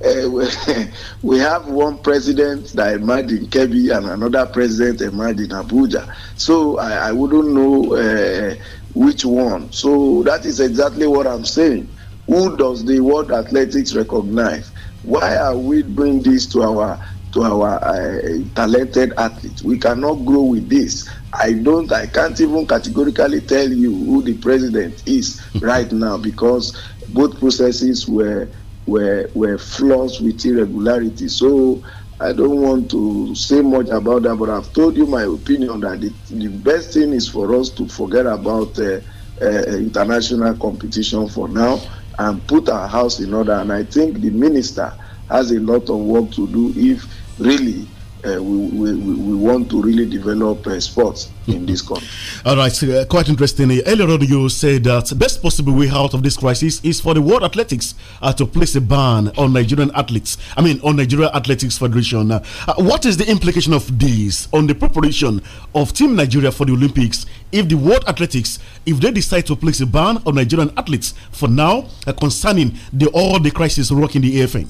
Eh, *laughs* we have one president that emerged in Kebbi and another president emerged in Abuja. So I, I wouldn't know uh, which one. So that is exactly what I'm saying. Who does the World Athletics recognize? Why are we doing this to our to our uh, talented athletes? We cannot grow with this. I don't. I can't even categorically tell you who the president is right now because both processes were were were flaws with irregularity so i don't want to say much about that but i've told you my opinion that the, the best thing is for us to forget about uh, uh, international competition for now and put our house in order and i think the minister has a lot of work to do if really Uh, we, we, we want to really develop uh, sports in this mm-hmm. country. All right, so, uh, quite interesting. Earlier on, you said that the best possible way out of this crisis is for the World Athletics uh, to place a ban on Nigerian athletes. I mean, on Nigeria Athletics Federation. Uh, what is the implication of this on the preparation of Team Nigeria for the Olympics? If the World Athletics, if they decide to place a ban on Nigerian athletes for now, concerning the all the crisis rocking the AFN.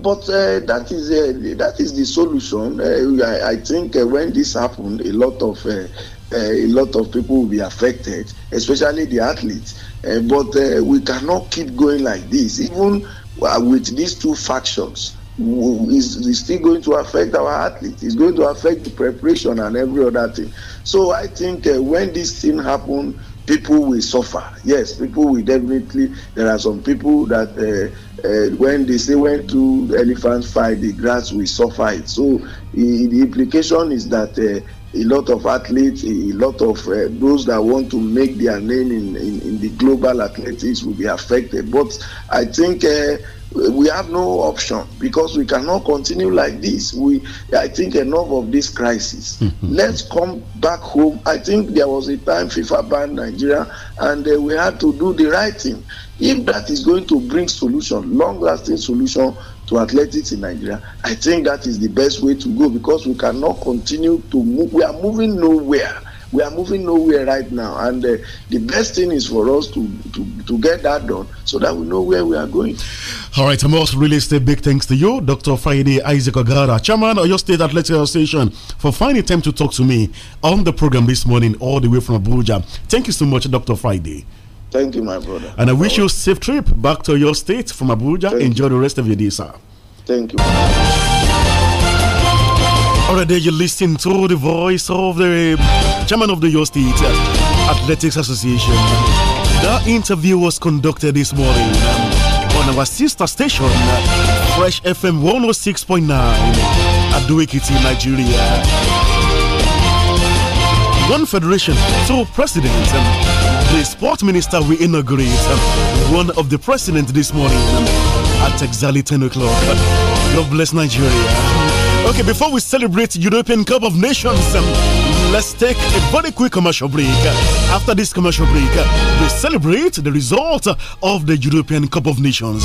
But uh, that is uh, that is the solution. Uh, I, I think uh, when this happened, a lot of uh, uh, a lot of people will be affected, especially the athletes. Uh, but uh, we cannot keep going like this. Even uh, with these two factions, is is still going to affect our athletes. Is going to affect the preparation and every other thing. So I think uh, when this thing happened people will suffer yes people will definitely there are some people that uh, uh, when they say when two elephants fight the grass will suffer it so the, the implication is that uh, a lot of athletes, a lot of uh, those that want to make their name in, in, in, the global athletics will be affected. But I think uh, we have no option because we cannot continue like this. We, I think, enough of this crisis. Mm-hmm. *laughs* Let's come back home. I think there was a time FIFA banned Nigeria, and uh, we had to do the right thing. If that is going to bring solution, long-lasting solution to athletics in Nigeria, I think that is the best way to go because we cannot continue to move. We are moving nowhere. We are moving nowhere right now, and uh, the best thing is for us to, to to get that done so that we know where we are going. All right, I must really say big thanks to you, Dr. Friday Isaac Ogara, Chairman of your State Athletic Association, for finding time to talk to me on the program this morning, all the way from Abuja. Thank you so much, Dr. Friday. Thank you, my brother. And I wish you a safe trip back to your state from Abuja. Thank Enjoy you. the rest of your day, sir. Thank you. Already, you're listening to the voice of the chairman of the Your State Athletics Association. The interview was conducted this morning on our sister station, Fresh FM 106.9 at Duikiti, Nigeria one federation, two presidents. the sport minister will inaugurate um, one of the presidents this morning um, at exactly 10 o'clock. God bless Nigeria. Okay, before we celebrate European Cup of Nations, um, let's take a very quick commercial break. After this commercial break, uh, we celebrate the result of the European Cup of Nations.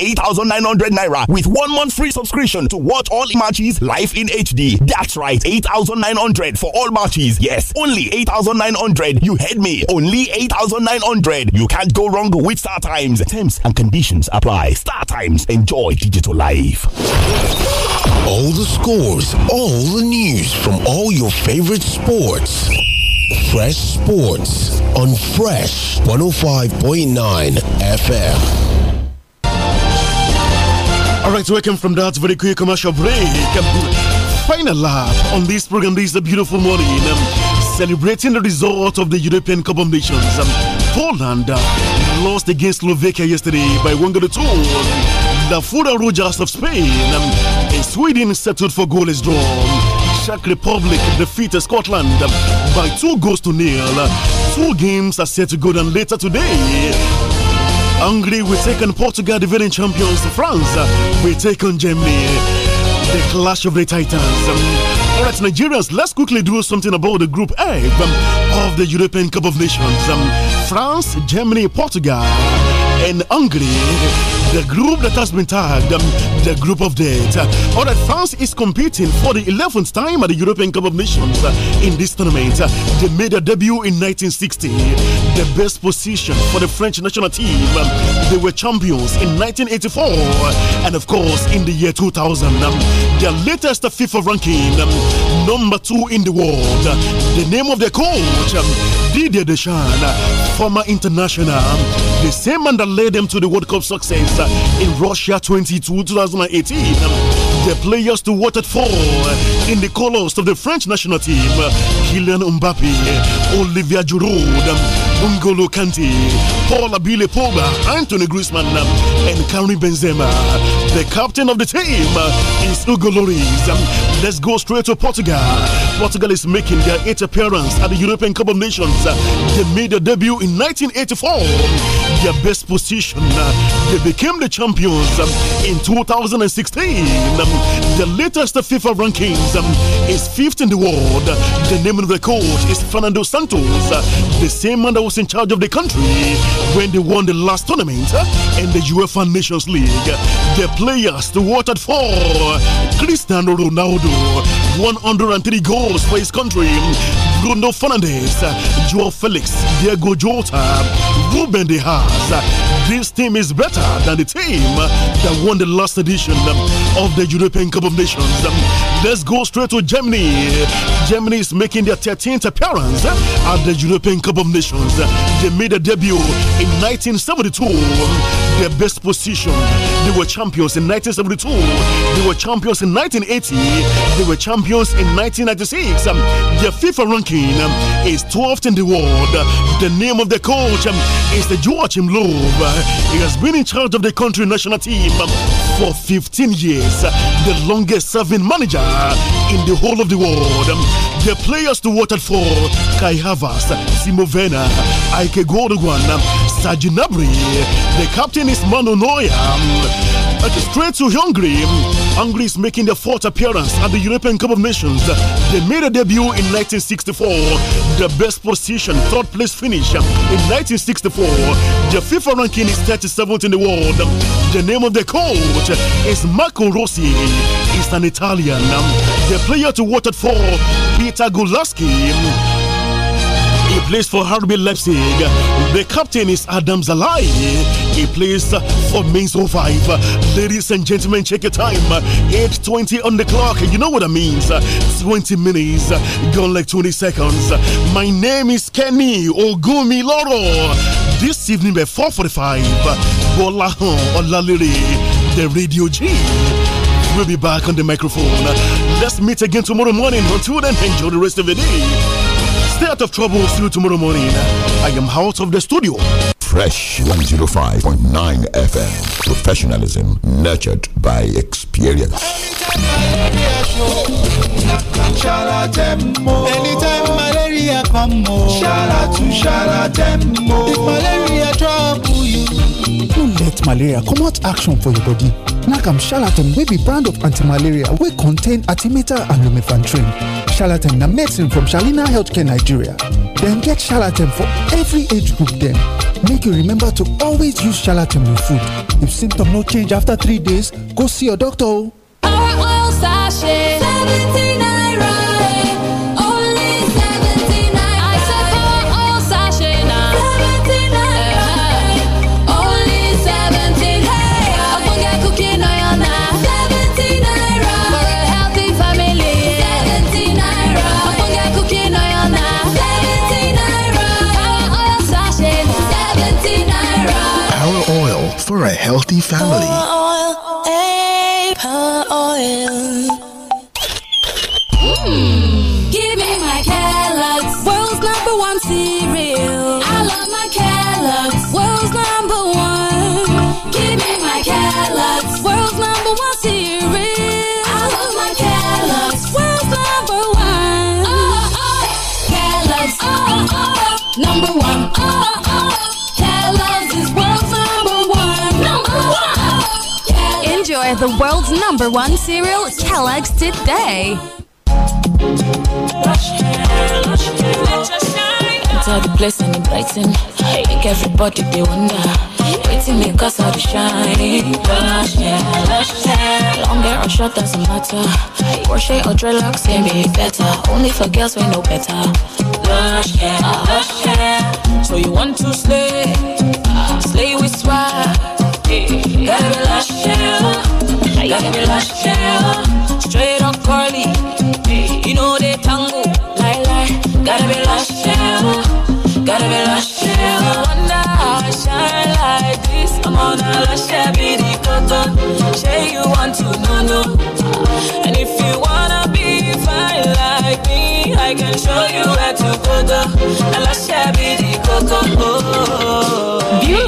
8,900 naira with one month free subscription to watch all matches live in HD. That's right, 8,900 for all matches. Yes, only 8,900. You heard me. Only 8,900. You can't go wrong with Star Times. Terms and conditions apply. Star Times. Enjoy digital life. All the scores, all the news from all your favorite sports. Fresh Sports on Fresh 105.9 FM. All right, welcome from that very quick commercial break. Final lap on this program. This is a beautiful morning. Um, celebrating the result of the European Cup of Nations. Um, Poland uh, lost against Slovakia yesterday by one goal to two. The Fura Rojas of Spain um, and Sweden settled for goalless draw. Czech Republic defeated Scotland um, by two goals to nil. Two games are set to go down later today. Hungary will take on Portugal, defending champions. France will take on Germany. The clash of the titans. all right, Nigerians, let's quickly do something about the Group A um, of the European Cup of Nations. Um, France, Germany, Portugal, and Hungary the group that has been tagged um, the group of death. Uh, France is competing for the 11th time at the European Cup of Nations uh, in this tournament. Uh, they made a debut in 1960 the best position for the French national team. They were champions in 1984 and, of course, in the year 2000. Their latest FIFA ranking, number two in the world. The name of the coach, Didier Deschamps, former international. The same man that led them to the World Cup success in Russia 22 2018 the players to watch it for in the colours of the French national team. Kylian Mbappe, Olivier Giroud, Ngolo Kante, Paul Abile Pogba, Anthony Griezmann, and Karim Benzema. The captain of the team is Ugo Loris. Let's go straight to Portugal Portugal is making their eighth appearance at the European Cup of Nations. They made their debut in 1984. Their best position, they became the champions um, in 2016. Um, the latest FIFA rankings um, is fifth in the world. The name of the coach is Fernando Santos, uh, the same man that was in charge of the country when they won the last tournament uh, in the UEFA Nations League. The players to watch out for Cristiano Ronaldo. 103 goals for his country. Bruno Fernandes, Joao Felix, Diego Jota, Ruben De Haas. This team is better than the team that won the last edition of the European Cup of Nations. Um, let's go straight to Germany. Germany is making their 13th appearance uh, at the European Cup of Nations. They made a debut in 1972. Their best position. They were champions in 1972. They were champions in 1980. They were champions in 1996. Um, their FIFA ranking um, is 12th in the world. The name of the coach um, is the Joachim Löw. Uh, he has been in charge of the country national team um, for 15 years is the longest serving manager in the whole of the world. The players to watch out for Kai Havas, Simo Vena, Ike Gordogan, Sajinabri. The captain is Manu Noya. And straight to Hungary. Hungary is making their fourth appearance at the European Cup of Nations. They made a debut in 1964. The best position, third place finish in 1964. The FIFA ranking is 37th in the world. The name of the coach is Marco Rossi. He's an Italian. The player to watch it for, Peter Gulaski. He plays for RB Leipzig. The captain is Adam Zalai. He plays for Mainz 05. Ladies and gentlemen, check your time. 8.20 on the clock. You know what that means. 20 minutes. Gone like 20 seconds. My name is Kenny Ogumi Loro. This evening by 4.45, Bola Hon the Radio G. We'll be back on the microphone. Let's meet again tomorrow morning. Until then, enjoy the rest of the day. Stay out of trouble. See you tomorrow morning. I am out of the studio. Fresh 105.9 FM. Professionalism nurtured by experience. Anytime malaria come, oh. Shala to Shala Temmo. Oh. If malaria trouble you, fight malaria comot action for your body. nakam charlatan wey be brand of anti-malaria wey contain artimata and lumefantrine. charlatan na medicine from shalina healthcare nigeria. dem get charlatan for every age group dem make you remember to always use charlatan with food. if symptoms no change after three days go see your doctor our oil sachet. healthy family. Oil, oil, mm. Give me my Kellogg's, world's number one cereal. I love my Kellogg's, world's number one. Give me my Kellogg's, world's number one cereal. I love my Kellogg's, world's number one. Oh, oh. oh. Kellogg's, oh, oh, oh, number one. Oh. the world's number one cereal, Kellogg's Today. the everybody they wonder. Waiting me cause Lush hair, lush hair. or short doesn't matter. Crochet or dreadlocks can be better. Only for girls we know better. Lush hair, lush hair. So you want to slay? Ah, slay with swag. Gotta be lush hair. Got me lush, yeah. Straight up curly. You know they tango. Lie, lie. Gotta be lush, yeah. Gotta be lush, yeah. Wonder how I shine like this. I'm on a lush, yeah. Be the cotton. Say you want to know, no. And if you wanna be fine like me, I can show you where to go, though. A lush, yeah. Be the cotton. Oh.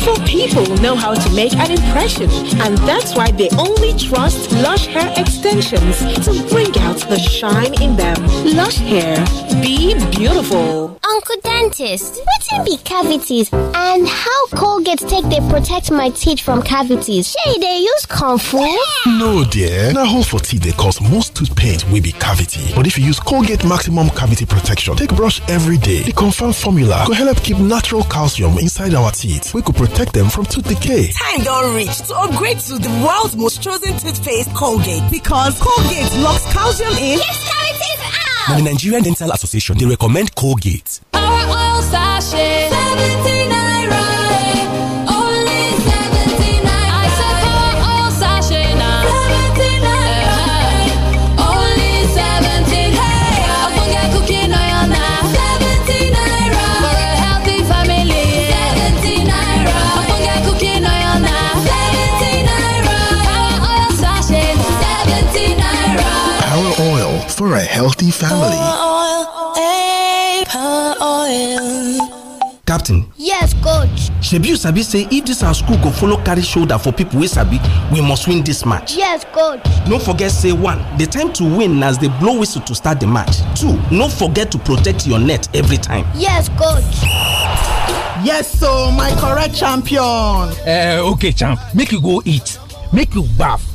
Beautiful people know how to make an impression, and that's why they only trust Lush Hair Extensions to bring out the shine in them. Lush Hair, be beautiful. Uncle Dentist, what be cavities and how Colgate take they protect my teeth from cavities? Shay, they use comfort? No, dear. Now, hole for teeth they cause most tooth pain will be cavity. But if you use Colgate Maximum Cavity Protection, take brush every day. The confirmed formula could help keep natural calcium inside our teeth. We could protect protect them from tooth decay. Time don't reach to upgrade to the world's most chosen toothpaste, Colgate. Because Colgate locks calcium in. Keeps cavities out. Now, the Nigerian Dental Association, they recommend Colgate. Our old family. Oil, oil, captain. yes coach. shebi you sabi say if this our school go follow carry shoulder for people wey sabi we must win this match. yes coach. no forget say one the time to win as they blow whistle to start the match two no forget to protect your net every time. yes coach. yes so my correct champion. Uh, okay champ make you go eat make you baff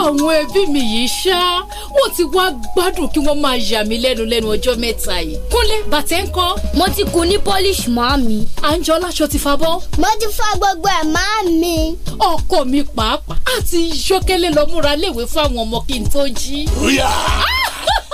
àwọn ẹbí mi yìí ṣá wọn ti wá gbádùn kí wọn máa yà mí lẹ́nu lẹ́nu ọjọ́ mẹ́ta yìí. kúnlé bàtẹ ń kọ. mo ti kun ní polish màámi. àǹjọ láṣọ ti fa bọ́. mo ti fa gbogbo ẹ̀ màámi. ọkọ mi pàápàá àti yọkẹlẹ lọ múra léwe fún àwọn ọmọ kí n tó jí. ó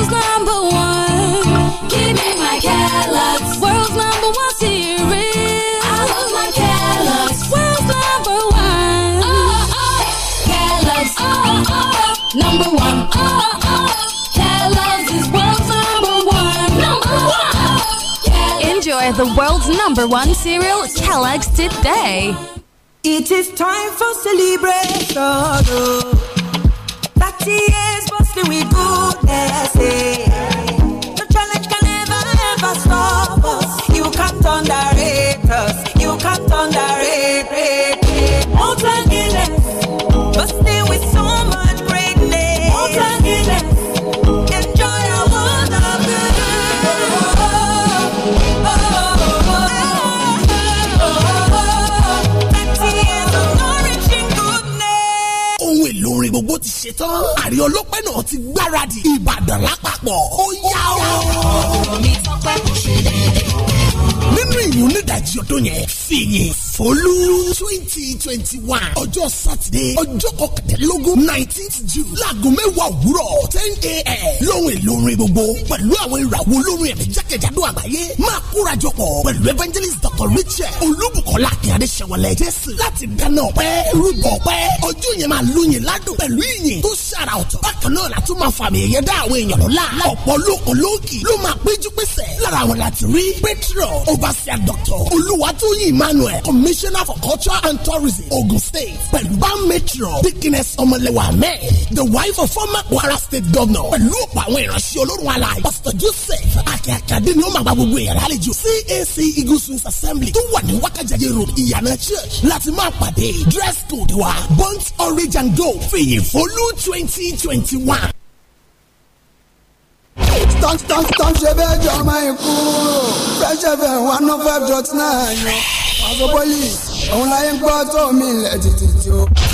world's number one. Give me my Kellogg's. World's number one cereal. I love my Kellogg's. World's number one. Oh, oh. Kellogg's. Oh, oh. Number one. Oh, oh. Kellogg's is world's number one. Number one. Oh, Enjoy the world's number one cereal, Kellogg's, today. It is time for celebration. 30 years bustling with goodness. tán àrí olópẹ́ náà ti gbáradì ìbàdàn lápapọ̀ ó yá o nínú ìyún nídàjí ọdún yẹn fìyìn fọlú twenty twenty one ọjọ́ sátidé ọjọ́ kọkàndínlógún nineteen June láago mẹ́wàá òwúrọ̀ ten a.m. lóhùn èlò orin gbogbo pẹ̀lú àwọn ìràwọ̀ olórin ẹ̀mí jákèjádò àgbáyé máa kórajọ pọ̀ pẹ̀lú evangelist Dr. Richard Olúbùkọ́lá Akínyàdé Ṣẹ̀wọ̀lẹ̀ Jésù láti dáná ọpẹ́ rúbọ ọpẹ́ ọjọ́ yẹn máa lóyin ládùn pẹ̀lú ìyìn tó ṣàrà ọ̀tọ̀ bákan náà la tún máa fàmì ẹ̀yẹ dá àwọn èèyàn lọ́la ọ̀pọ̀ lóko lóòkì ló máa péjú pésẹ̀ lára àwọn láti rí petro overseer doctor Olúwatóyìn Emmanuel commissioner for culture and tourism Ogun State pẹ̀lú bá metro dikines ọmọlẹ́wà mẹ́ẹ̀ the wife of former Kwara State Governor, pẹ̀lú ọ̀pọ̀ àwọn ìránṣẹ́ Ọlọ́run alààyè. Pastor Joseph Akíakíadé ni ó máa gba gbogbo ìyàrá àlejò. CAC Eagle Swings Assembly tó wà ní Wákàjáde Road, Ìyànà Church láti máa pàdé. Dress code wa burnt orange and gold fèyè fólú twenty twenty one. Tọ́n tọ́n tọ́n ṣe bẹ́ẹ̀ jọ ọmọ ikú. Fresh FM one oh five dot nine. Ọ̀sọ́ pọ́lì, òun láyé ń gbọ́ tó mi ilẹ̀ títí tí ó.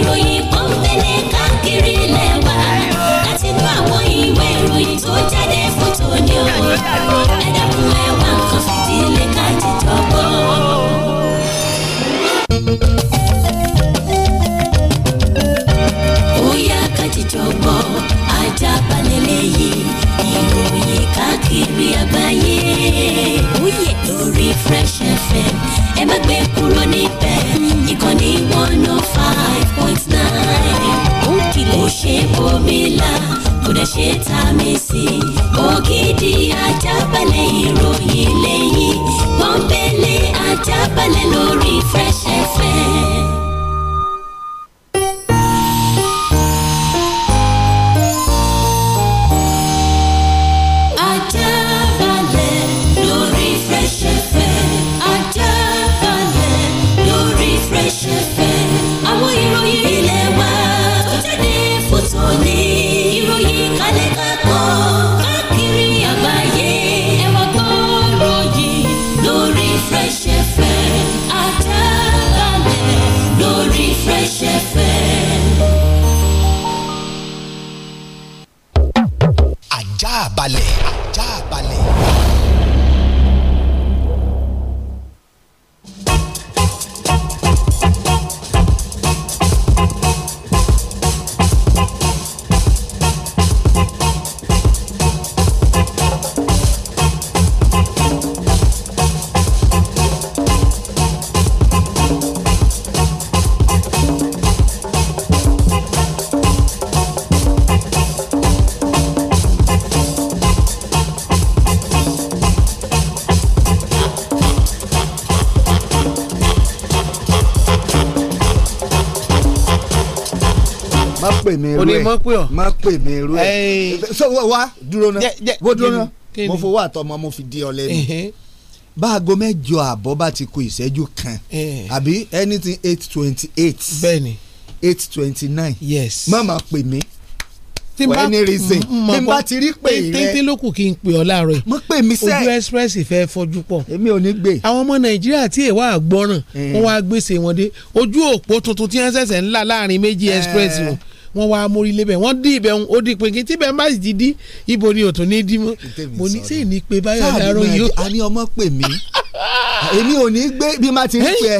ìròyìn kan ń fẹlẹ̀ káàkiri lẹ́wà láti inú àwọn ìwé ìròyìn tó jáde fún tòní o ẹ dákun ẹ fìdílé ká jíjọ gbọ́. ó ká jíjọ gbọ́ ajá balẹ̀ lẹ́yìn ìròyìn káàkiri àgbáyé lórí Fresh FM ẹ má gbé kúrò níbẹ̀ ìkànnì one oh five point nine. ó kìlẹ̀ ó ṣe bòmílà kò dẹ̀ ṣe tà mí sí. ògidì ajábalẹ̀ ìròyìn lẹ́yìn pọ́npẹ́lẹ́ ajábalẹ̀ lórí fresh pè mí irú ẹ̀ má pè mí irú ẹ̀ so wá dúró ná wó dúró ná mo fowó àtọmọ mo fi di ọ lẹ́nu bá aago mẹ́jọ àbọ̀ bá ti kù ìṣẹ́jú kan àbí anything eight twenty eight bẹ́ẹ̀ni eight twenty nine yes má máa pè mí tí n bá mm, mm, tí n bá ti rí pè rẹ tètè ló kù kí n pè ọ láàárọ̀ yìí mo pè mí sẹ ojú express fẹ́ fọ́jú pọ̀ èmi ò ní gbé àwọn ọmọ nàìjíríà tí èèwà àgbọràn wọn wá gbèsè wọn dé ojú òpó tuntun tí wọn ṣẹ̀ṣẹ̀ ńlá láàrin méjì express wọn wọ́n wá mórílé bẹ́ẹ̀ wọ́n dí ibẹ̀ ó di pinkin tí bẹ́ẹ̀ bá sì ti dí ibo ni òtún ní dímọ́ mo ní sèé ní pé báyọ̀ dárò yìí a ní ọmọ pè mí èmi ò ní gbé bí má ti ń pẹ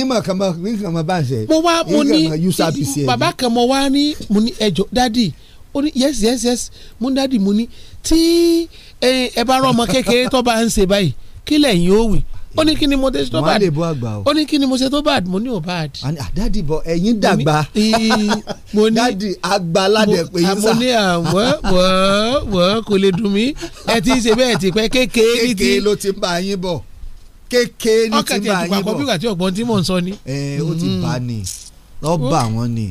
ìmọ̀ kan mọ̀ nǹkan mo wá mo ní bàbá kan wá ní mo ní ẹjọ́ dádì ó ní yes yes yes mo ní dádì mo ní tí ẹ bá rán ọmọ kékeré tó bá ń ṣe báyìí kí lẹ́yìn ó wì ó ní kí ni mo ṣe tó bad ó ní kí ni mo ṣe tó bad mo ní ò bad. Ah, dadi bọ ẹ̀yin dàgbà *laughs* dadi agbaládẹ pé yín sà. mo ní àwọ̀ wọ̀ wọ̀ kò lè dùn mí ẹ ti ṣe bẹ́ẹ̀ ti pẹ́ kékeré ní ti. kékeré ló ti ń bá yín bọ̀ kékeré ní ti ń bá yín bọ̀. ọkàn tí ẹ bí wà tí ọ̀gbọ́n tí mò ń sọ ni. ẹ ó ti mm-hmm. bá ni rọ́bà wọn ni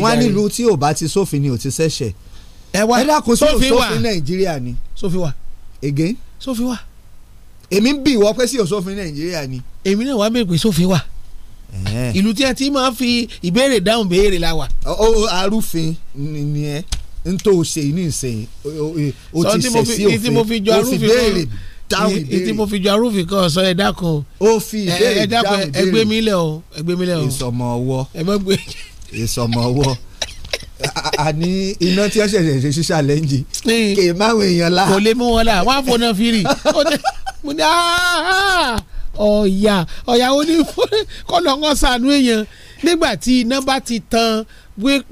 ìwọ́n nílùú tí ò bá ti sófin ni ò ti ṣẹ̀ṣẹ̀ ẹ dákun again. sófin èmi ń bì wọ́ pé sí òṣòfin nàìjíríà ni. èmi náà wàá mèpè sófin wa ìlú tí a ti máa fi ìbéèrè dáhùn béèrè la wa. ó arúfin ni ẹ n tó ṣe ní ìsìn o ti ṣẹ̀ sí òfin o fi béèrè dáhùn ìbéèrè. ìtí mo fi jọ arúfin kan sọ ẹ dákun. ó fi ìbéèrè dáhùn ìbéèrè ẹgbẹ́ mi lẹ̀ o ẹgbẹ́ mi lẹ̀ o. ìsọmọ ọwọ́ ìsọmọ ọwọ́ àní iná tí ó ṣẹ̀ṣẹ̀ ṣe ṣíṣàlẹ́ǹjì kì í máwọn èèyàn la. kò lè mú wọn la wọn á fọnà fírì. *laughs* mo ní ah, ọ̀yà ọ̀yà onífọ́nrẹ́ kọ́lọ̀ ń sànú èèyàn nígbà tí iná bá ti tan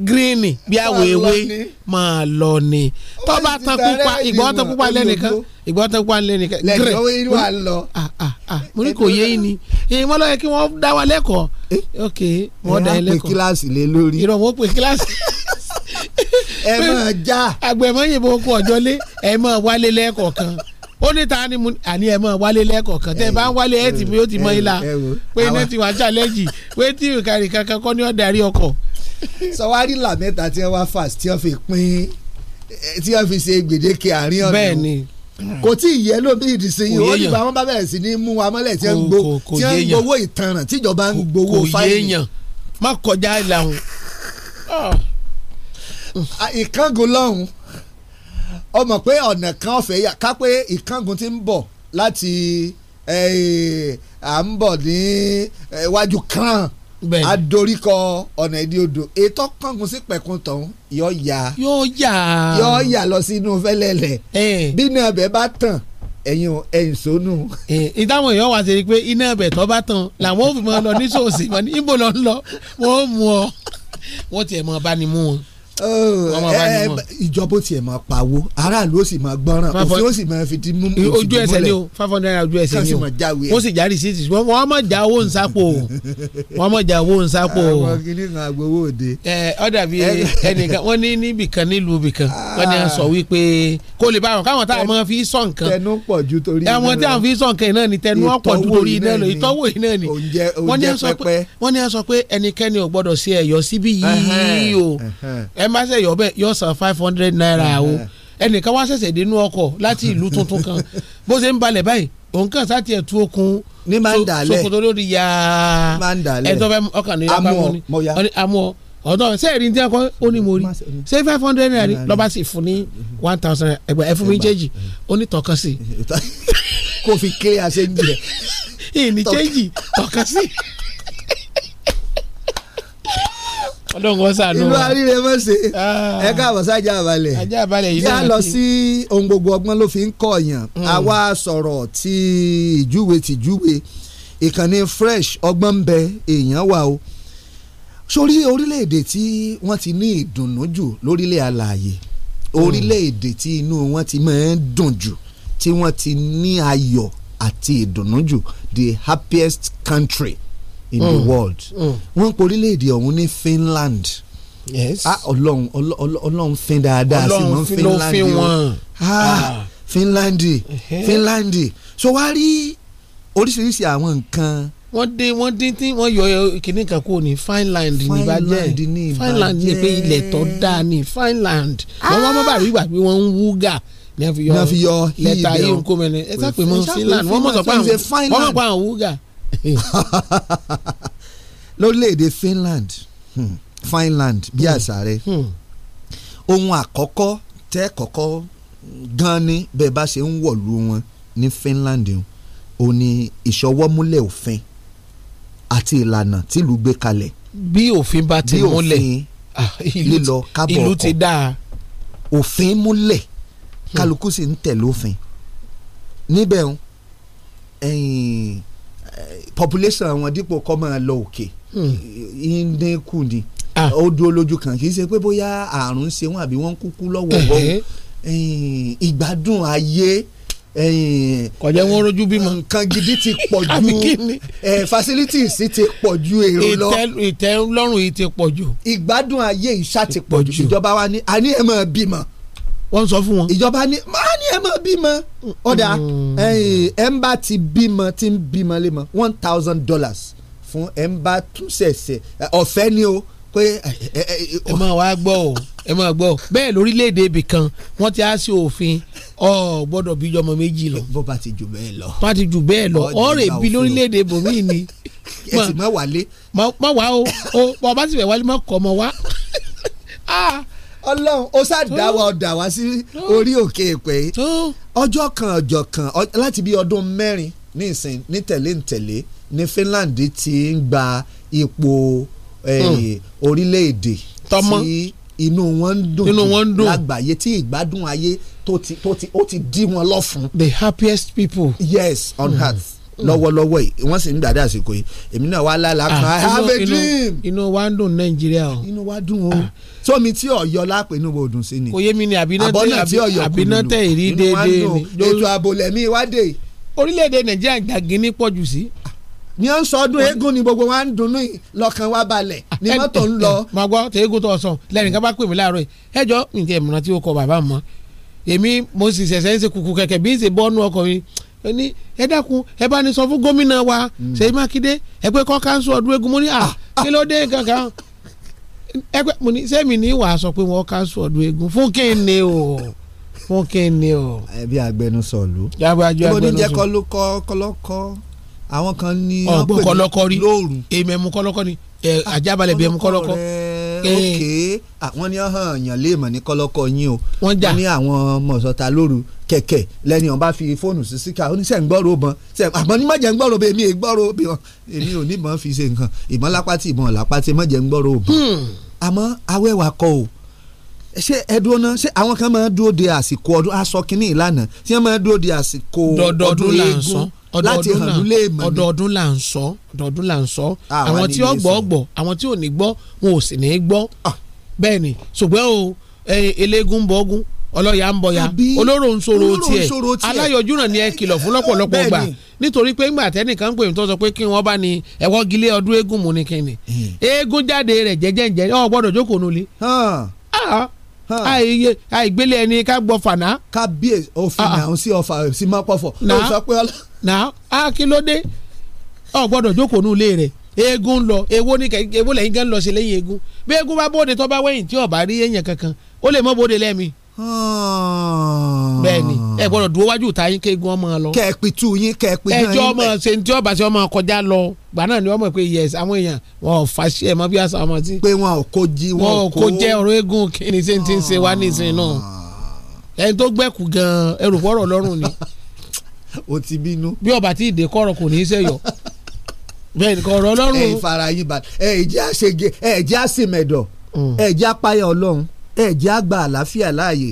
gíríìnì bí awèwé máa lọ ni tó bá tan pupa ìgbọ́ tan pupa lẹ́nìkan ìgbọ́ tan pupa lẹ́nìkan gírẹ̀ mo ní ah, ah, kò yé yín ni èyí mọ́ lọ́yẹ kí wọ́n dá wa lẹ́kọ̀ọ́ ok wọ́n dá ẹ lẹ́kọ̀ọ́ ìrọ̀ pé kíláàsì lé lórí ìrọ̀ wọ́n kíláàsì ẹ máa já àgbẹ̀mọ́ yìnbọn kú ọ̀jọ́lé ẹ máa wálé lẹ́kọ̀ọ́ kan ó ní ta ni mo àní ẹ mọ wálé lẹ́kọ̀ọ̀kan tẹ́ ẹ bá ń wálé ẹ tì mí ó ti mọ ilá pé iná ti wá challenge wetin you carry kankan kọ́ ni ó darí ọkọ̀. sọwárí là mẹ́ta tí wọ́n wá fast tí wọ́n fi pín tí wọ́n fi ṣe gbèdéke àárín ọ̀nà. bẹ́ẹ̀ ni kò tí ì yẹ lómi ìdìsíyìn ó nígbà wọn bá bẹ̀rẹ̀ sí ní mú wa mọ́lẹ̀ tí wọ́n ń gbowó ìtanràn tíjọba ń gbowó fáìlì. má kọjá ọmọ pé ọ̀nà kan ọ̀fẹ́ yà ká pé ìkángun ti ń bọ̀ láti à ń bọ̀ ní iwájú kan adoríkọ ọ̀nà ìdí odò ètò kángun sí pẹ̀kun tọ̀hún yóò yà yóò yà yóò yà lọ sínú fẹ́lẹ́lẹ̀ bí iná ẹ̀bẹ̀ bá tàn ẹ̀yin ẹ̀yin sónù. ìdáhùn èèyàn wá sí ni pé iná ẹ̀bẹ̀ tó bá tàn làwọn ò fi mọ́ ọ lọ ní sòsì wọn ní ibo lọ ń lọ wọ́n mú ọ wọ́n tiẹ̀ mọ́ ọ bá ní mú wọn. Oh, eh, eh, ìjọba ó tiẹ̀ máa pawó aráàlú ó sì máa gbọ́ràn òfin ó sì máa fi ti mú ojú ẹsẹ̀ ni o five hundred naira ojú ẹsẹ̀ ni o wọ́n sì já rìsíìtì wọ́n mọ̀ já owó nsápò wọ́n mọ̀ já owó nsápò. àwọn kìnnìkan agbowó òde. ẹ ọ̀dà bíi ẹnìkan wọ́n ní níbìkan nílùú ibìkan wọ́n ní sọ ah. wípé kó lè bá wọn káwọn táwọn máa fi sọ nǹkan tẹnu pọ̀ ju torí iná lọ àwọn táwọn fi sọ nǹkan náà ni tẹnu pọ̀ ju torí iná lọ ìtọ́wò iná ni wọ́n ní sọ pé ẹnikẹ́ni ò gbọ́dọ̀ sí ẹ̀yọ́ síbí yìí o ẹ ẹ má ṣe yọ bẹ́ẹ̀ yọ san five hundred naira o ẹnìkan wá ṣẹ̀ṣẹ̀ dénú ọkọ̀ láti ìlú tuntun kan *laughs* bó ṣe ń balẹ̀ báyìí òun kàn sáà tiẹ̀ tú okun ní máa ń dàlẹ̀ sokoto lórí ya ẹ̀tọ́ fẹ́ ọkàn ní yàrá mọ́ ni amọ̀ ọ̀dọ́ sẹ́ẹ̀rì ní akọ ó ní mo rí ṣé five hundred naira lọ́ba sì fún ní one thousand ẹgbẹ́ ẹ fún mi jẹ́jì ó ní tọ̀kan sí. *laughs* kò fi clear ṣe ń jẹ. *laughs* ìní jẹ́jì tọ̀kan sí ọlọ́run kan sànú wa ìlú àríre mọ̀sẹ̀ ẹ káàbọ̀ sájà àbálẹ̀ ajá àbálẹ̀ yìí náà yà lọ sí ohun gbogbo ọgbọ́n ló fi ń kọ̀yàn àwa hmm. sọ̀rọ̀ ti ìjúwe tìjúwe ìkànnì fresh ọgbọ́n ń bẹ èèyàn wa o sórí orílẹ̀-èdè tí wọ́n ti ní ìdùnnú jù lórílẹ̀ alààyè hmm. orílẹ̀-èdè tí inú wọn ti máa ń dùn jù tí wọ́n ti ní ayọ̀ àti ìdùnnú jù the happiest country in mm. the world mm. wọ́n ń pe orílẹ̀-èdè ọ̀hún ní Finland ah, ọlọ́run ọlọ́run fin dáadáa sí mọ́ Finland wọn Finlandi, ah, ah. Finlandi. so wá rí oríṣiríṣi àwọn nǹkan wọ́n dé wọ́n dín tí wọ́n yọ kìnnì kan kúrò ní Finland ní ìbàjẹ́ Finland ní pé ilẹ̀ tó dáa ní Finland wọ́n wọ́n mọ́ bàbá ìgbà pé wọ́n ń wúgà ní a fi yọ lẹ́tà yìí ń kó mẹ́rin ẹ sá pé mọ́ Finland wọ́n mọ̀ sọ pé àwọn wúgà. *laughs* lórílẹ̀‐èdè Finland hmm, Finland bí hmm. àṣà rẹ̀ hmm. ohun àkọ́kọ́ tẹ́ kọ́kọ́ gan ni bẹ́ẹ̀ bá ṣe ń wọ̀lú wọn ní Finland o ní ìṣọwọ́múlẹ̀ òfin àti ìlànà tìlú gbé kalẹ̀. bí òfin bá ti múlẹ̀ *laughs* ah, lílọ kábọ̀ ọkọ̀ ìlú ti dáa. òfin múlẹ̀ kálukú sì ń tẹ̀lé òfin níbẹ̀ ẹ̀yìn population wọn dípò kọ́ máa lọ òkè hmm. ìdínkù ni ah. ó dúró lójú kan kì í ṣe pé bóyá àrùn ń ṣe wọn àbí wọ́n ń kúkú lọ́wọ́ bọ́ ìgbádùn ayé kọjá wọn rojú bímọ. nǹkan gidi ti *laughs* pọ̀ ju facilities ti pọ̀ ju èrò lọ. ìtẹ́ lọ́rùn yìí ti pọ̀ ju. ìgbádùn ayé ìṣá ti pọ̀ ju ìjọba wa ní a ní ẹ̀ máa bímọ wọ́n sọ fún wọn. ìjọba ni máa ní ẹ máa bímọ ọ̀dà ẹ̀ ń bá ti bímọ ti ń bímọ lé mọ one thousand dollars fún ẹ̀ ń bá tún ṣẹ̀ṣẹ̀ ọ̀fẹ́ ni o pé. ẹ máa wá gbọ́ o ẹ máa gbọ́ o bẹ́ẹ̀ lórílẹ̀‐èdè ibì kan wọ́n ti á sí òfin ọ gbọ́dọ̀ bí ọmọ méjì lọ. bó bá ti jù bẹ́ẹ̀ lọ. bá ti jù bẹ́ẹ̀ lọ ọ̀rẹ́ bí lórílẹ̀‐èdè bòmíì ni. *laughs* ẹ sì má wálé. má wá o bọ́ bá sì fẹ́ wálé má kọ́ ọmọ wá. *laughs* Ah, ọlọ́run ó ṣàdá wa ọ̀dà wá sí orí òkè èpè ọjọ́ kan ọjọ́ kan láti bí ọdún mẹ́rin ní ìsìn ní tẹ̀lé ní tẹ̀lé ní Finland ti ń gba ipò eh, hmm. orílẹ̀-èdè tí inú wọn ń dùn lágbàáyé tí ìgbádùn ayé tó ti ó ti dí wọn lọ́fun. the happiest people. yes on mm. earth lọ́wọ́lọ́wọ́ yìí wọ́n sì ń gbàdá àsìkò yìí èmi náà wà lálàá ah, kan I have a dream. inú wa ń dùn Nàìjíríà o. inú wa dùn o ah. sómi tí Ọ̀yọ́ lápè inú wo dùn sí ni. kò yé mi ni àbínátẹ tẹ èrí déédéé ni. ètò àbòlẹ̀mí ìwádìí. orílẹ̀-èdè Nàìjíríà gbàgínní pọ̀jù sí ní ọ̀n sọ ọdún eégún ni gbogbo wa ń dunnú lọ́kàn wa balẹ̀ ah, ni mọ́tò ń lọ. màá gbọ́ tẹ eégún tó sàn lẹ́yìn ká bá pè mí láàárọ̀ ẹ jọ nǹkan ìmọ̀ràn tí ó kọ bàbá mọ́ èmi mo sì ṣẹ̀ṣẹ̀ ń ṣe kùkù kẹ̀kẹ́ bí ń ẹ ní ẹ dákun ẹ bá ní sọ fún gómìnà wa hmm. Ṣèyí Mákindé ẹ pé kọ́ káńsù ọdún egun mo ní à ah, ah. kí ló dé kankan ẹ pé mo ní sẹ́mi ní wàá sọ pé wọ́n káńsù ọdún egun fún kéne o fún kéne o. ẹbí agbẹnusọ ló. jábọ̀ ajú agbẹnusọ. ìbọn níjẹ́ kọ́lọ́kọ́ kọ́lọ́kọ́ àwọn kan ní. ọgbọ́n kọ́lọ́kọ́ rí lóòrù èmi ẹ̀mú kọ́lọ́kọ́ ni àjábalẹ̀ bí ẹ̀mú kọ́lọ́kọ́. kọ́lọ́kọ́ rẹ ok àwọn ni ọ̀hàn èèyàn lè mọ̀ ní kọ́lọ́kọ́ yín o wọ́n jà ní àwọn mọ̀sọ̀tà lóru kẹ̀kẹ́ lẹ́ni ọ̀n bá fi fóònù sí síkà ó ní sẹ́ ń gbọ́rọ̀ bọ́n àmọ́ ní mọ̀jẹ̀ ń gbọ́rọ̀ bẹ́ẹ̀ mi è gbọ́rọ̀ bẹ́ẹ̀ èmi ò ní mọ̀ fi ṣe nǹkan ìmọ̀ lápátì ìmọ̀ lápátì mọ̀jẹ̀ ń gbọ́rọ̀ bọ́n hmm. àmọ́ awẹ́wà kọ o ṣé ẹdun náà ṣé àwọn kan máa dúró de àsìkò ọdún aṣọ kínní ìlànà tí wọ́n máa dúró de àsìkò ọdún eégún láti hàn ló lè mọ̀ ní. ọdọọdún là ń sọ ọdọọdún là ń sọ àwọn tí ó gbọ́ gbọ́ àwọn tí ò ní gbọ́ wọn ò sì ní gbọ́ bẹ́ẹ̀ ni ṣùgbọ́n o eléégún bọ́gún ọlọ́yà ń bọ̀yà olóró ń sọ̀rọ̀ tiẹ̀ aláyọ̀jú náà ni ẹ kìlọ̀ fún lọ́pọ̀lọpọ̀ gbà nítorí pé ńgbà tẹ́nìkan ń pè mí tó sọ pé kí wọ́n bá ní ẹ̀wọ́ gilé ọdún eégún mu ni kíni eégún jáde rẹ̀ jẹ́jẹ́jẹ́ ọ̀ gbọ́dọ̀ jókòó nulẹ̀ àìyé àìgbélé ẹni ká gbọ́ fànà. kábíyèsí òfin náà sí ọfà sí mápọ̀fọ̀ ó sọ pé ọlọ́run na a kí ló dé ọ gbọ́dọ̀ jókòó nù rẹ̀ lọ ewo ni kẹ èwo lẹ́yìn gan lọ se lẹ́yìn eégún bí eégún bá bóde tó bá wẹ̀yìn tí ó rí èèyàn kankan ó lè mọ bóde lẹ́mi. Ah. bẹ́ẹ̀ni ẹ gbọdọ dúró wájú ta yín kéegun ọmọ lọ. yín yín. ẹjọ ọmọ ṣe ní ọmọ kọjá lọ náà ni ọmọ pé yẹs àwọn èèyàn wọn ò fàṣẹ ẹ mọ bí ọmọ pé wọn ò kó jí wọn ò kó jẹ ni ṣe ń ti ń ṣe *laughs* o ti bínú. bí ọba tí ìdè kọrọ kò ní í sẹyọ bẹ́ẹ̀ ni kọrọ Ọlọ́run. ẹ ìfara yín bá ẹ ìjẹ́ àṣege ẹ ìjẹ́ àṣemẹ̀dọ̀ mm. ẹ ìjẹ́ apáyà Ọlọ́run ẹ ìjẹ́ àgbà àlàáfíà láàyè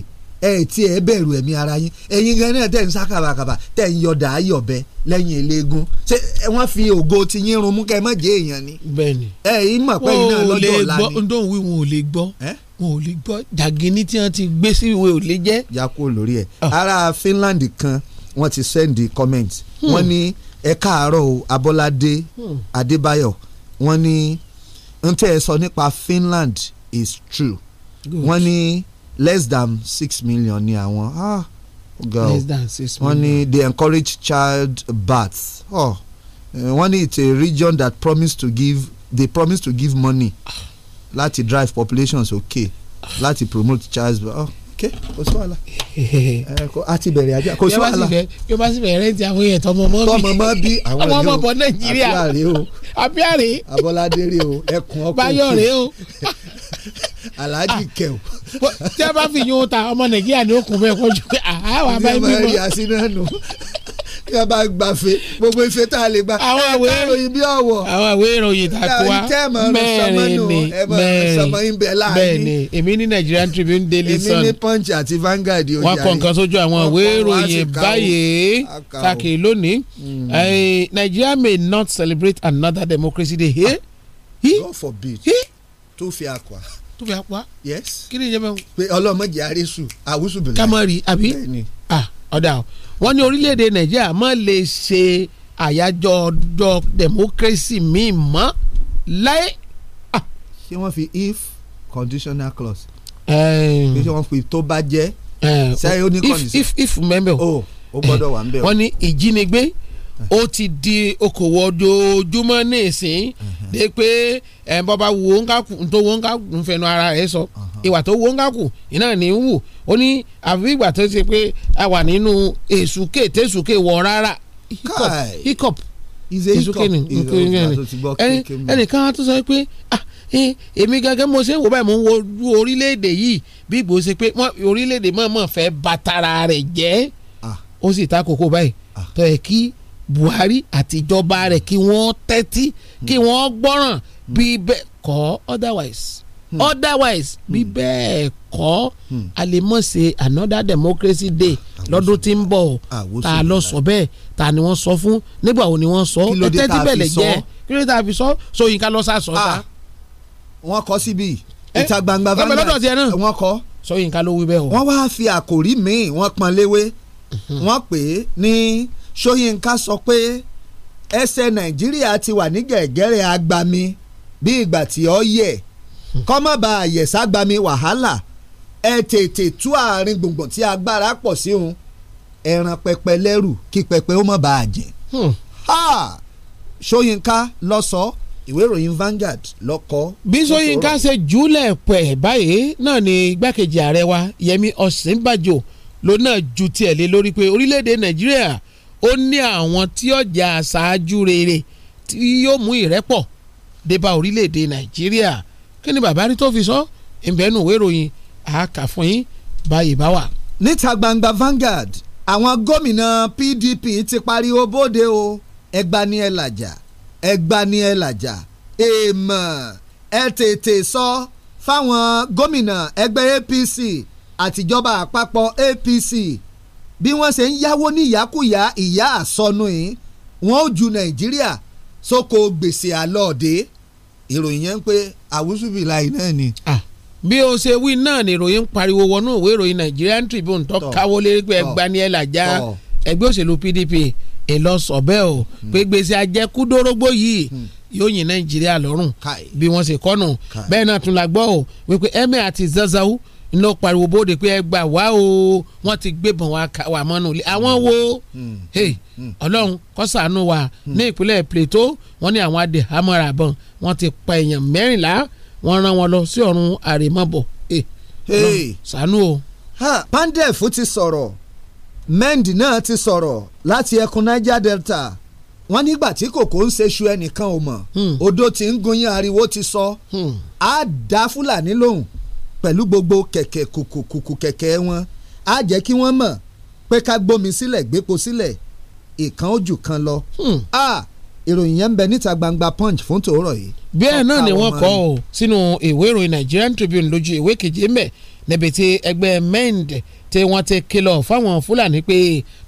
ẹ tí ẹ bẹ̀rù ẹ̀mí ara yín ẹ̀yin gan náà tẹ̀ ń sá kàbàkàbà tẹ̀ ń yọ̀dà ayọ̀bẹ lẹ́yìn eléégún ṣé wọ́n fi ògo ti yín run mú kẹ́ ẹ má jẹ́ èèyàn ni. bẹ́ẹ̀ni ẹ yìí mọ̀ pé iná lọ́dọ̀ ọ̀la ni. n tó ń wí wọn ò lè gbọ́ wọn ò lè gbọ́ jàgínní tí wọ́n ti gbé sí wọn ò lè jẹ́. yakó lórí ẹ ah. ará Finland kan wọ́n ti sẹ́ndì comment hmm. wọ́n ní ẹ káàárọ̀ o Abọ́ládé hmm. Adébáyọ̀ wọ́n ní n tẹ́ ẹ sọ nípa Finland is true wọ́n ní less than six million ni àwọn ah girl less than million wọ́n ní they encourage child birth oh eh, wọ́n ní it's a region that promise to give they promise to give money ah. láti drive population sókè okay, ah. láti promote child birth. Oh. ké kò sí wàhálà eh, a ti bẹ̀rẹ̀ àjọ kò sí wàhálà. yóò bá sì bẹ̀rẹ̀ rẹ́ǹtì àwọn èèyàn tọmọ mọ́ bí bí àwọn ọmọ bọ̀ nàìjíríà abiare. abọ́ládé rè o ẹkùn ọkùn báyọ̀ rè o. *laughs* alhaji kẹ o. tí a bá fi yún ta ọmọ nàìjíríà ní okùn bẹ́ẹ̀ kọjú pé *laughs* àá wà bá yín bímọ. ní ọmọ yàtí náà nù kí a bá gbàfé gbogbo ife tá a lè gba. àwọn àwé ìròyìn bí ọwọ. àwọn àwé ìròyìn tá a kó wa mẹ́rin ni mẹ́rin bẹ́ẹ̀ ni èmi ní Nigerian Tribune Daily Sun èmi ní Punch àti Vanguard ojà rẹ wọn kọ nǹkan sójú àwọn àwé ìròyìn báyìí kàkì lónìí hmm. Nigeria may not celebrate another democracy dey here. God forbid. tó fi akwa, tó fi akwa, yes. kí ni ìjọba. pé ọlọ́mọdé àrísù àwùsù bìlẹ̀. kámọ́rì àbí. bẹ́ẹ̀ni. ah ọ̀dà o wọ́n ní orílẹ̀-èdè nàìjíríà má lè ṣe àyájọ́ ọjọ́ democracy míì mọ́ láyé. ṣé wọ́n fi if conditional clause. ṣé wọ́n fi tó bá jẹ́. ṣé ó ní condition. if if if member. o. o oh, gbọ́dọ̀ wà ń bẹ̀ o. wọ́n ní ìjínigbé ó ti di okòwò ojoojúmọ́ ní ìsín mhm. dé pé ẹ̀ ń bọ́ bá wo ń kàkù tó wo ń kàkù ń fẹnu ara rẹ̀ sọ mhm. ìwà tó wo ń kàkù iná ní í wù ó ní àfi ìgbà tó ṣe pé a wà nínú èsùké tẹ̀sùké wọ rárá hiccup èsùké ni ẹnìkan tó sọ pé ah èmi gángan mo ṣe ń wò báyìí mo ń wo orílẹ̀-èdè yìí bí ìgbò ṣe pé orílẹ̀-èdè mọ̀ọ́mọ̀ fẹ́ ba rẹ̀ jẹ́ ah. ó sì ta kókó báyìí ah. tó yẹ kí Buhari àti ìjọba rẹ̀ kí wọ́n tẹ́tí kí hmm. wọ́n gbọ́ràn hmm. bí bẹ́ẹ̀ kọ́ otherwise hmm. otherwise bí bẹ́ẹ̀ kọ́ a lè mọ̀ ṣe another democracy day ah, lọ́dún tí ń bọ̀ o ah, ta lọ sọ bẹ́ẹ̀ ta ni wọ́n sọ fún nígbà wo ni wọ́n sọ ẹ tẹ́tí bẹ̀lẹ̀ jẹ́ kí ló dé ta fi sọ Ṣóyínká lọ sá sọ ta. Ah, wọ́n kọ síbi eh, ìta gbangba Vanguard wọ́n kọ Ṣóyínká ló wí bẹ́ẹ̀ o. wọ́n wá fi àkòrí míì wọ́n pọn léwé wọ́n pè é ní Ṣóyínká sọ pé ẹsẹ̀ Nàìjíríà ti wà ní gẹ̀ẹ́gẹ́rẹ́ agbami bí ìgbà tí ó yẹ kọ́mọ̀bà àyẹ̀sà gbami wàhálà ẹ tètè tú àárín gbùngbùn tí agbára pọ̀ sí òun ẹran pẹpẹ lẹ́rù kí pẹpẹ ó mọ̀ bá a jẹ. Ṣóyínká lọ sọ ìwé ìròyìn Vanguard ló bí Ṣóyínká ṣe júlẹ̀ pẹ̀ báyìí náà ni igbákejì ààrẹ wa Yẹmi Ọ̀sínbàjò ló náà ju tiẹ̀ lé lórí pé orílẹ̀-èdè Nàìjíríà ó ní àwọn tí ọjà aṣáájú rere tí yóò mú ìrẹ́pọ̀ dé bá orílẹ̀-èdè nàìjíríà kí ni bàbá rí tó fi sọ ìbẹ́nu ìwé ìròyìn àákà fún yín báyìí bá wà. níta gbangba Vanguard àwọn gómìnà PDP ti pariwo bóde o ẹgbà ni ẹ làjà ẹgbà ni ẹ làjà èèmọ̀ ẹ tètè sọ fáwọn gómìnà ẹgbẹ́ APC àtijọba àpapọ̀ APC bí wọ́n ṣe ń yáwó ní ìyákùyà ìyá àsọnù yìí wọ́n ó ju nàìjíríà sóko gbèsè àlọ́ọ̀dé ìròyìn yẹn ń pé àwùsùbìláì náà ni. bí o ṣe wí náà ni ìròyìn ń pariwo wọnú ìwé ìròyìn Nigerian Tribune tó káwọ́ lérí pé ẹgbani ẹ̀ làjá ẹgbẹ́ òṣèlú PDP ìlọsọ o hmm. pé gbèsè àjẹkúdórógbó yìí hmm. yóò yìn Nàìjíríà lọ́rùn bí wọ́n ṣe kọ́nù bẹ́ẹ̀ náà tún la gbọ́ o wípé Eme àti Zazzau ló pariwo bóde pé ẹ gbà wá o wọ́n ti gbébọn wà mọ́nú ilé àwọn wo ọlọ́run kó wa ní ìpínlẹ̀ Plateau wọ́n ní àwọn adìhámọ́ra bọn wọ́n ti pa èèyàn mẹ́rìnlá wọ́n rán wọn lọ sí ọ̀run àrèmọ́bọ̀ ṣàánú o. pandef ti sọ̀rọ̀ mend náà ti sọ̀rọ̀ láti ẹkùn Niger Delta wọ́n nígbà tí kòkó ń ṣeṣu ẹnìkan ò mọ̀ hmm. odò tí ń gunyan ariwo ti sọ á hmm. dá Fúlàní lóhùn pẹ̀lú gbogbo kẹ̀kẹ́ kùkùkùkù kẹ̀kẹ́ wọn á jẹ́ kí wọ́n mọ̀ pé ká gbómi sílẹ̀ gbépo sílẹ̀ ìkan ojú kan lọ. Hmm. ìròyìn yẹn ń bẹ níta gbangba punch fún tòórọ̀ yìí. bẹ́ẹ̀ náà ni wọ́n kọ ọ́ sínú ìwé ìròyìn Nigerian Tribune lójú ìwé kejì mẹ́ níbi tí ẹgbẹ́ mend tí wọ́n ti kìlọ̀ fáwọn Fúlàní pé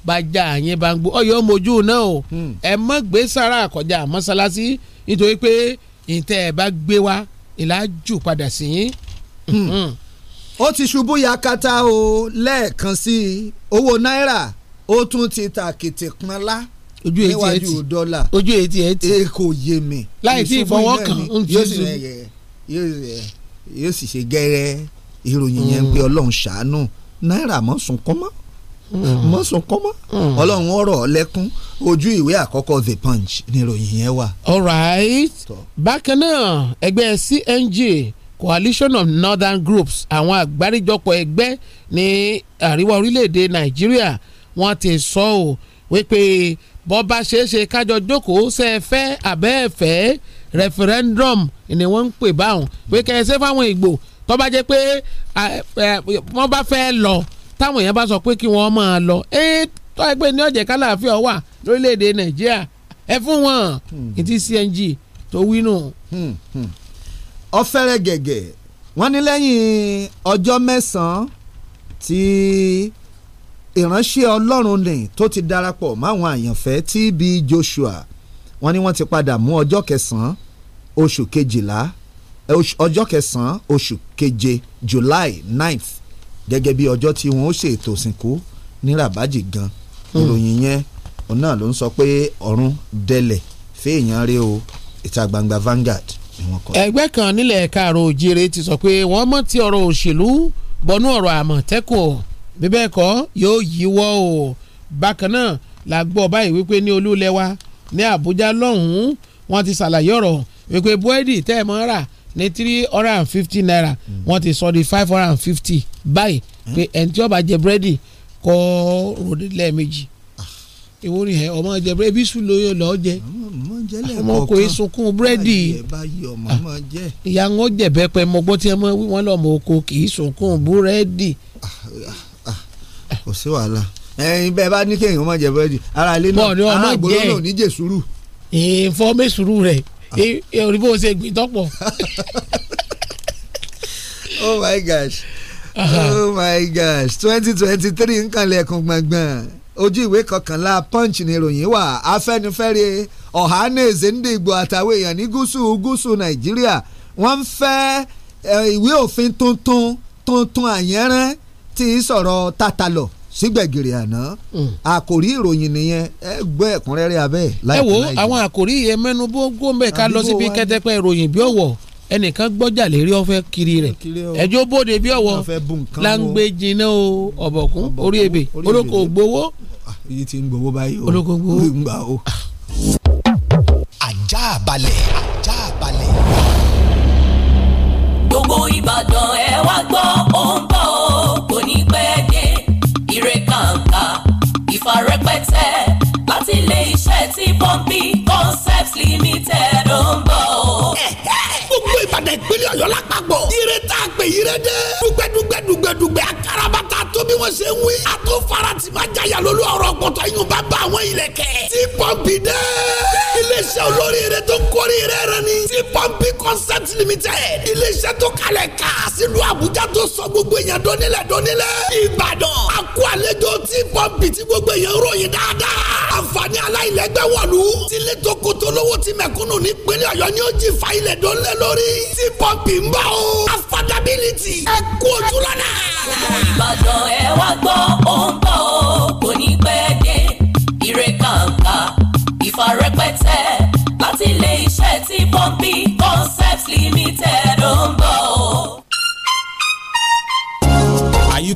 bàjá yẹn bá ń gbó ọ̀yọ́ mojú náà o hmm. ẹ má gbé sára kọjá mọ́sálásí nítorí pé ìtẹ́ ẹ bá gbé wa ìlà jù padà sí yín. Hmm. Hmm. ó ti ṣubú yakata o lẹ́ẹ̀kan sí i owó náírà ó tún ti tàkìtì pọnlá ojú etí etí níwájú dọ́là ojú etí etí èkó yé mi láì tí ìfọwọ́ kan ń tún sùn yóò sì ṣe gẹ́rẹ́ ìròyìn yẹn hmm. pé ọlọ́run ṣàánú náírà mọ́ sunkún mọ́ mọ́ sunkún mọ́ ọlọ́run ọ̀rọ̀ lẹ́kún ojú ìwé àkọ́kọ́ the punch ni ìròyìn yẹn wà. all right bákan náà ẹgbẹ́ CNG Coalition of Northern Groups àwọn àgbáríjọpọ̀ ẹgbẹ́ ní àríwá orílẹ̀-èdè Nàìjíríà wọ́n ti sọ ọ́ wípé bọ́ bá ṣeé ṣe kájọ jókòó ṣe é fẹ́ àbẹ́ ẹ̀ fẹ́ referendum ni wọ́n ń pè báwọn pé kẹ́ ẹ ṣe fáwọn Ìgbò tó bá jẹ́ pé wọ́n bá fẹ́ lọ táwọn èèyàn bá sọ pé kí wọ́n máa lọ ẹ́ tó ẹgbẹ́ ní ọ̀jẹ̀ kálàáfíà wà lórílẹ̀‐èdè Nàìjíríà ẹ fún wọn ní ti CNG tó wí nù. Hmm, hmm ọ̀fẹ́rẹ́ gẹ̀gẹ̀ wọ́n ní lẹ́yìn ọjọ́ mẹ́sàn-án tí ìránṣẹ́ ọlọ́run nì tó ti darapọ̀ máwọn àyànfẹ́ TB Joshua wọ́n ní wọ́n ti padà mú ọjọ́ kẹsàn-án oṣù kejìlá ọjọ́ kẹsàn-án oṣù keje July 9th gẹ́gẹ́ bí ọjọ́ tí wọ́n ó ṣètò òsìnkú ní rabaji gan hmm. ìròyìn yẹn òun náà ló ń sọ pé ọ̀run dẹlẹ̀ fẹ́ẹ̀yàn rẹ o ìta gbangba Vanguard ẹgbẹ́ kan nílẹ̀ káàró òjìire ti sọ pé wọ́n mọ̀ tí ọ̀rọ̀ òṣèlú bọnú ọ̀rọ̀ àmọ̀tẹ́kùn ọ̀ bíbẹ́ kọ́ yóò yíwọ́ o bákan náà la gbọ́ báyìí wípé ní olúlẹ́wà ní àbújá lọ́hùn-ún wọ́n ti ṣàlàyé ọ̀rọ̀ wípé búrẹ́dì tẹ́ ẹ̀ mọ́ rà ní three hundred and fifty naira hmm. wọ́n ti sọ di five hundred and fifty báyìí hmm. pé ẹni tí ó bá jẹ búrẹ́dì kọ́ ròdì lẹ́ẹ̀mejì èwo ni ẹ ọmọ jẹ búrẹ́dì bísú lóyún lọ́ọ́ jẹ ọmọ kò í sunkún búrẹ́dì ìyá wọn jẹ bẹ́pẹ mọgbọ́n tí wọ́n lọ́ mọ oko kì í sunkún búrẹ́dì. kò sí wàhálà ẹyin bẹ́ẹ̀ bá ní kéèyàn má jẹ búrẹ́dì ara ilé náà ara àgbòrò náà ní jẹ sùúrù. ìfọ́mẹ́ sùúrù rẹ̀ ah. orí bó ṣe gbin tọ́pọ̀. *laughs* oh my gosh oh my gosh twenty twenty three nǹkan lẹ́ẹ̀kan gbọ̀ngbọ̀n ojú ìwé kọkànlá punch ni ìròyìn wà afẹ́nifẹ́re ọ̀hánèzè ndìgbò àtàwọn èèyàn ní gúúsù gúúsù nàìjíríà wọ́n ń fẹ́ ìwé òfin tuntun tuntun àyẹ́rán ti sọ̀rọ̀ tatalọ̀ sígbẹ̀gìrì àná hmm. àkòrí ìròyìn nìyẹn ẹ gbọ́ ẹ̀kúnrẹ́rẹ́ abẹ́ ẹ wo àwọn àkòrí yẹn mẹ́nubó gómẹ̀ ká lọ síbi kẹ́tẹ́pẹ́ ìròyìn bí ọ̀wọ̀ ẹnìkan gbọ́jà lérí ọ̀fẹ́ kiri rẹ̀ ẹjọ́ bóde bí ọ̀wọ́ láǹgbèjì náà o ọ̀bọ̀kún orí ebè olóko gbowó. Ah, iye tí ń gbowó báyìí o olóko gbowó *laughs* ń gbà o. ajá balẹ̀ ajá balẹ̀. gbogbo ìbàdàn ẹ wá gbọ́ ó ń kò ní pẹ́ dé ire kàǹkà ìfarẹ́pẹ́tẹ́ láti ilé iṣẹ́ tí pọ́ńpì concepts limited ń bọ̀ ó olùbàdàn ìpínlẹ̀ ọ̀yọ́ lápapọ̀ ire tá a pè ire dé dùgbẹ́ dùgbẹ́ dùgbẹ́ dùgbẹ́ akarabata tó bí wọ́n ṣe ń wí a tó farati ma jaya lólu ọ̀rọ̀ gbọ̀tọ̀ yín bá bá àwọn ilẹ̀ kẹ́ tí pọ́ǹpì dẹ́ iléeṣẹ́ olórí ire tó ń kórè ire rẹ ni tí pọ́ǹpì concept limited iléeṣẹ́ tó kalẹ̀ ká sílùú àbújá tó sọ gbogbo èèyàn dọ́nílẹ̀ dọ́nílẹ̀ ìbàdàn àkó àlejò tí pọ́ǹpì tí gbogbo èèyàn ròyìn dáadáa àǹfààní aláìlẹ́gbẹ́ wọ̀lú tílé tó kótó lówó tí ọ̀yọ́ ni ó jì fa ilẹ̀ dọ́nílẹ̀ lórí eighty pọ́ǹpì ń bọ̀ o. affordability ẹ kú ojú lọ́nà. Ìbàdàn ẹ wá gbọ́ ó ń bọ̀ ó kò ní pẹ́ dé ire kàǹkà ìfarẹ́pẹ́tẹ́ láti ilé iṣẹ́ tí pọ́ǹpì concepts limited ó bọ̀ ó.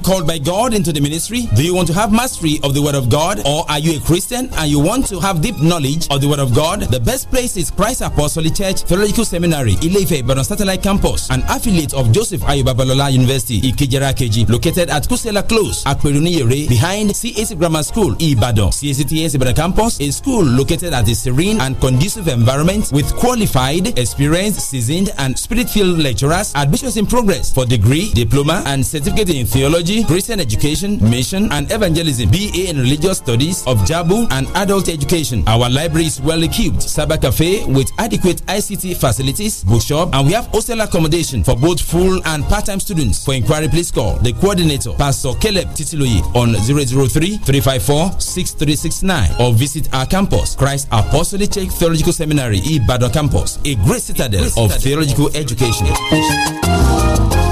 called by God into the ministry? Do you want to have mastery of the Word of God? Or are you a Christian and you want to have deep knowledge of the Word of God? The best place is Christ Apostolic Church Theological Seminary, Ilefe, Badon Satellite Campus, an affiliate of Joseph Ayubabalola University, Ikejera KG, located at Kusela Close, Akperuniyere, behind CAC Grammar School, Ibadan. CACTS Ibadan Campus, a school located at a serene and conducive environment with qualified, experienced, seasoned, and spirit-filled lecturers. Admissions in progress for degree, diploma, and certificate in theology Theology, Christian Education, Mission and Evangelism, BA in Religious Studies of JABU and Adult Education. Our library is well equipped, cyber cafe with adequate ICT facilities, bookshop, and we have hostel accommodation for both full and part-time students. For inquiry, please call the coordinator, Pastor Caleb Titiloyi on 003-354-6369 or visit our campus, Christ Apostolic Theological Seminary, Ibadan Campus, a great citadel, a great citadel of theological, theological education. education.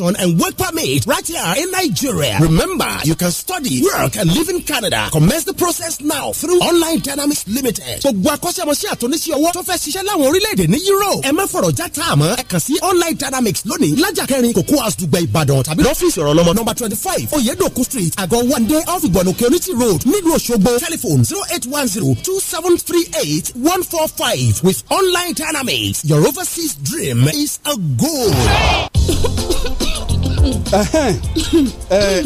registration and work permit right here in Nigeria. Remember, you can study, work, and live in Canada. Commence the process now through Online Dynamics Limited. Gbogbo akọ́ṣẹ́mọṣẹ́ àtúnṣe ọwọ́ tó fẹ́ ṣiṣẹ́ láwọn orílẹ̀-èdè ní Europe. Ẹ má fọ̀rọ̀ já tá a Online Dynamics learning. Lájà kẹrin Cocoa House Dùgbẹ̀ Ìbàdàn tàbí lọ́fíìsì ọ̀rọ̀ lọ́mọ nọ́mbà twenty five Oyedoku street I àgọ́ one day off Ìgbọ̀nù Community road nílùú Òṣogbo telephone zero eight one zero two seven three eight one four five with Online Dynamics your overseas dream is a goal. *laughs*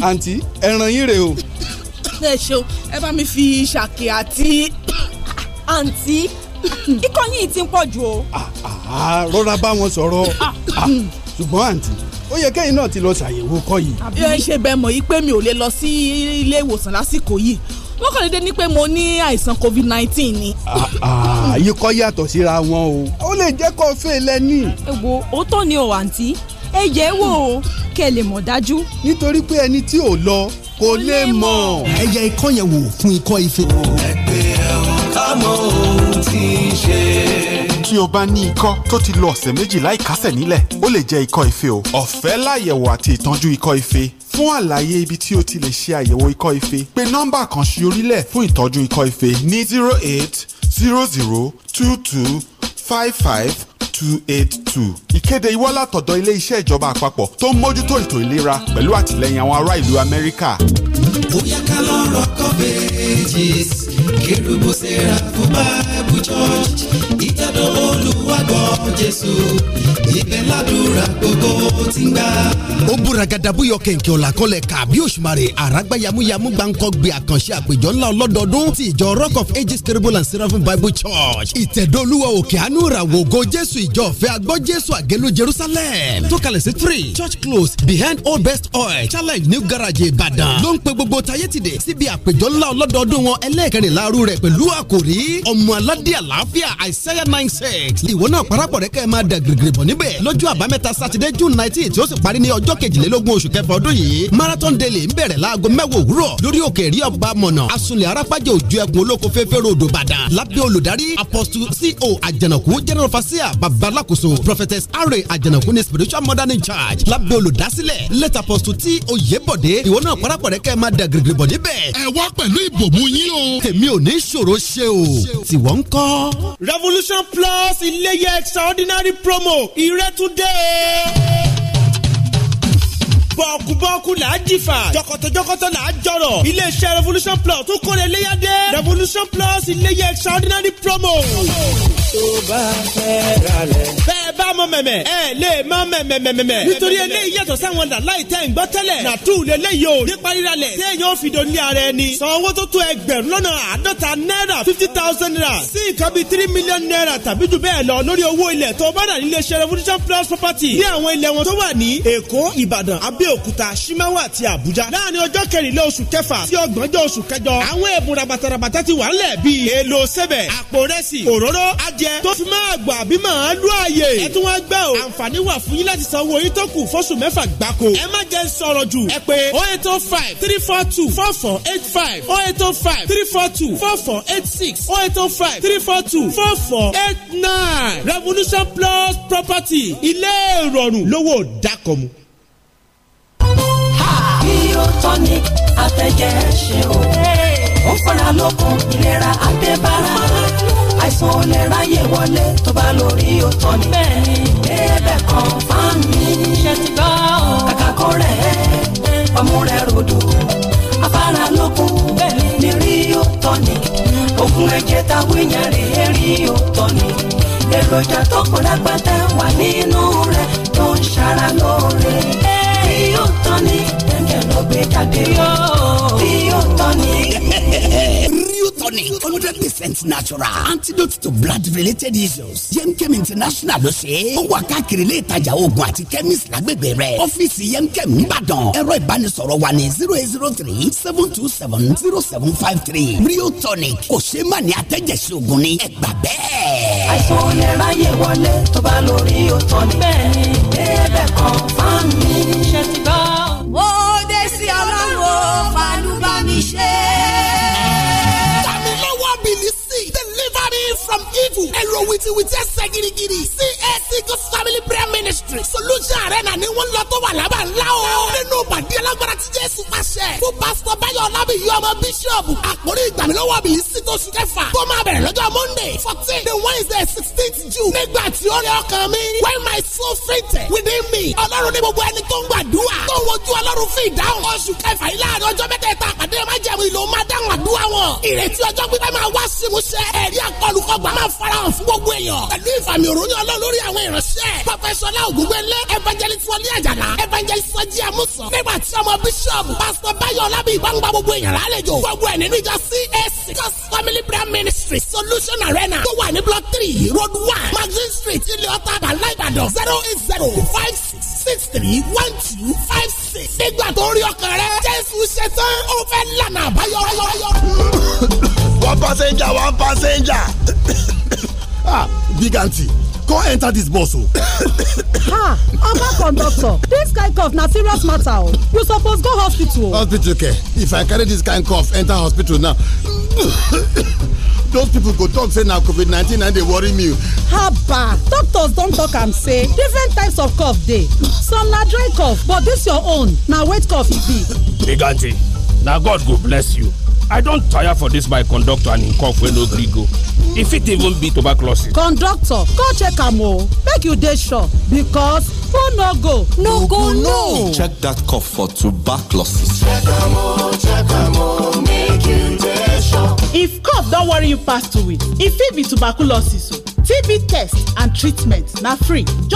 àǹtí ẹran yín rèé o. ẹ ṣeun ẹ bá mi fi ṣàkè àti àǹtí ikọ́ yìí ti ń pọ̀ jù o. rọra bá wọn sọ̀rọ̀ ṣùgbọ́n àǹtí ó yẹ kẹ́yìn náà ti lọ ṣàyẹ̀wò kọ́ yìí. ẹ ṣe bẹ́ẹ̀ mọ̀ yìí pé mi ò lè lọ sí ilé ìwòsàn lásìkò yìí wọ́n kàn lè dé ní pé mo ní àìsàn covid nineteen ni. àyíkọ́ yàtọ̀ síra wọn o ó lè jẹ́ kó fèlè ní. ẹ wo òótọ́ ni o àǹtí ẹ yẹ̀ ẹ́ wò ó kẹ́ ẹ lè mọ̀ dájú. nítorí pé ẹni tí ò lọ kò lè mọ̀. ẹ ikọ́ yẹn wò fún ikọ́ ife. ẹgbẹ́ ẹ̀ mọ ohun tí ń ṣe tí o bá ní ikọ́ tó ti lo ọ̀sẹ̀ méjì láìkásẹ̀ nílẹ̀ ó lè jẹ́ ikọ́ ife o. ọ̀fẹ́ láyẹ̀wò àti ìtọ́jú ikọ́ ife fún àlàyé ibi tí o ti lè ṣe àyẹ̀wò ikọ́ ife pé nọ́mbà kan sí orílẹ̀ fún ìtọ́jú ikọ́ ife ní zero eight zero zero two two five five two eight two. ìkéde ìwọ́lá tọ̀dọ̀ ilé-iṣẹ́ ìjọba àpapọ̀ tó ń mójútó ètò ìlera pẹ̀lú àtìlẹ́yìn àwọn ará ìlú Amẹ́ríkà. bóyá ká lọ rọ coverages kérúbù séráfù báìbù church ìtẹ̀dọ̀ olùwàgbọ́ jésù ibẹ̀ ládùúrà gbogbo ti ń gbà. ó búra gadabuyọ kẹ̀kẹ́ ọ̀làkọlẹ̀ kàbí òṣùmàrè àràgbá yamuyamu gbáǹkọ́ gbé àkànṣe àpèjọ ńlá ọlọ́dọọdún ti ìjọ rock of ages kérúbù and séráfù bible church ìtẹ̀dọ̀lúwa òkè àánú ìràwọ̀ ògo jésù ìjọ ọ̀fẹ́ agbọ́ jésù àgẹ́lú jerusalem tó kalẹ̀ sí three church close behind old best oil challenge new garage ìbàdàn ló ń pe gbogbo tayé tìde síbi àpèjọ ńlá ọlọ́dọọdún wọn ẹlẹ́ẹ̀kẹrin láàrú rẹ̀ pẹ̀lú àkòrí ọmọ aládé àlàáfíà àìsẹ́yà nine six. ìwọ náà parapọ̀ rẹ̀ kẹ́ ẹ máa dàgìrìgìrì bọ̀ níbẹ̀ lọ́jọ́ àbámẹ́ta sátidé june nineteen tí ó sì parí ní ọjọ́ kejìlélógún oṣù kẹfà ọdún yìí marathon daily ń bẹ̀rẹ̀ láago mẹ́wàá òwúrọ̀ lórí òkè rí ọba mọ̀nà asunlẹ̀ arápájẹ́ òjò ẹkùn olóko fẹ́fẹ́ ròdò bàdàn mi ò ní ṣòro ṣe o tí wọ́n ń kọ́. revolution plus iléyẹ extraordinary promo ìrẹ́túndé bọ́ọ̀kú-bọ́ọ̀kú là á jìfà jọkọ̀tọ̀jọkọ̀tọ̀ là á jọ̀rọ̀ iléeṣẹ́ revolution plus tó kọ́ni ẹlẹ́yà dé revolution plus iléyẹ extraordinary promo. tó bá fẹ́ ra lẹ̀. bẹ́ẹ̀ bá mọ mẹ̀mẹ̀ ẹ lè má mẹ̀mẹ̀mẹ̀mẹ̀. nítorí eléyìí yàtọ̀ sáwọn làláì tẹ̀ ń gbọ́ tẹ́lẹ̀ nàtú lélẹ́yìí o nípa ríra lẹ̀ téèyàn ò fi dòní ara ẹni. san owó tó tó ẹgbẹ̀rún lọ́nà àádọ́ta náírà fifty thousand naira sí nǹkan bíi three million naira tàbí jù bẹ́ẹ̀ lọ lórí owó ilẹ̀ tó bá dà nílé revolution plus property ní àwọn ilẹ̀ wọn tó wà ní èkó ìbàdàn ab abẹ́òkúta simawa àti abuja láàrin ọjọ́ kẹrìnlá oṣù kẹfà sí ọgbọ̀njọ́ oṣù kẹjọ àwọn ẹ̀bùn rabatarabata ti wà ńlẹ̀ bíi èlò sẹ́bẹ̀ àpò rẹ́sì òróró ajẹ tó fi máa gbà bí máa lú àyè ẹ tún wá gbẹ o àǹfààní wà fún yín láti san owó yín tó kù fọ́sùn mẹ́fà gbáko ẹ má jẹ́ sọ̀rọ̀ jù ẹ pé oh eight oh five three four two four four eight five o oh eight oh five three four two four four eight six o oh eight oh five three four two four four eight nine revolution plus property ilé ìrọ̀rùn lówó dákọ̀mù ló tonic àtẹ̀jẹ́ ṣe o. ó fara lókun ìlera àtẹ̀bára àìsàn ò lè ráyè wọlé tó bá lórí ó tonic. bẹ́ẹ̀ni ẹ̀ẹ́dẹ̀ kan fáàmì. ṣe ti gbọ́ o. kàkà kó rẹ̀ ọmú rẹ̀ rodò afara lókun bẹ́ẹ̀ni ni rio tonic. ògùn ẹ̀jẹ̀ táwọn èèyàn rè é rio tonic. èròjà tó kọ́ lágbàtà wà nínú rẹ̀ tó ń ṣara lóore. rio tonic rẹ̀ gbé jáde yóò. Rio tonic. Rio tonic hundred percent natural antidote to blood related issues. Yemkem International ló ṣe é. Ó wà káàkiri ilé ìtajà oògùn àti chemist lágbègbè rẹ̀. Ọ́fíìsì Yemkem Nìbàdàn. Ẹ̀rọ ìbánisọ̀rọ̀ wà ní zero eight zero three seven two seven zero seven five three. Rio tonic kò ṣe é mà ní atẹ́jẹsí oògùn ni. Ẹ gbà bẹ́ẹ̀. Àìsàn olè ráyè wọlé tó bá lórí Rio tonic. Bẹ́ẹ̀ni, ẹ bẹ̀ kàn fún mi. Ṣé ti gbọ́? kábíyèsí ọlọ́run ò fàánú bá ṣe from evil ẹ̀rọ wìtìwìtì ẹsẹ̀ girigiri CAC God's Family Prayer Ministry Solution Arena ni wọ́n lọ tó wà lábà ńlá o. nínú pàdé alágbára tí Jésù pàṣẹ fún pásítọ̀ Báyọ̀ Ọlábìyí ọmọ bíṣọ̀bù àkórí ìgbàmílọ́wọ́ bìí sí tóṣù kẹfà tó máa bẹ̀rẹ̀ lọ́jọ́ Monday fourteen the Wednesday sixteenth June nígbà tí ó rẹ ọkàn mi when my soul fainted within me Ọlọ́run ní gbogbo ẹni tó ń gbàdúrà tó ń wojú Ọlọ́run fún ìdáhùn oṣù kẹfà yìí láàrin ọjọ́ mẹ́tẹ̀ẹ̀ta àpàdé májẹ̀mú ìlú máa dáhùn àdúrà wọn ìrètí ọjọ́ pípẹ́ máa wá símúṣẹ ẹ̀rí àkọlùk kọ́gbà máa fara hàn fún gbogbo èèyàn pẹ̀lú ìfàmì òróyìn ọlọ́ lórí àwọn ìránṣẹ́ pọfẹsọlá ògúngbẹ́lé evangelist wọlé àjàlá evangelist sọjí àmúsàn nígbà tí ọmọ bíṣọ̀bù pásítọ̀ báyọ̀ ọlábì ìbáǹgbà gbogbo èèyàn lálejò gbogbo ẹ̀ nínú ìjọ CAC God's family prayer ministry solution arena tó wà ní block three road one magazine street ilé ọ̀tá àbálá ìbàdàn zero eight zero five six three one two five six nígbà tó rí ọkàn rẹ jésù ṣetán ó fẹ́ lànà àbáyọ. *coughs* one passenger one passenger. *coughs* ah big aunty come enter this bus o *coughs* ah oga conductor dis kain cough na serious matter o you suppose go hospital hospital care if i carry dis kain cough enter hospital now *coughs* those people go talk say na covid nineteen na dey worry me haba doctors don talk am say different types of cough dey some na dry cough but dis your own na wet cough e be big aunty na god go bless you i don tire for this my conductor and him cough wey no gree go e fit even be tuberculosis conductor go check am o make you dey sure because who no go no go no check dat cough for tuberculosis check am o check am o make you dey sure if cough don worry you pass two weeks e fit be tuberculosis o tb test and treatment na free just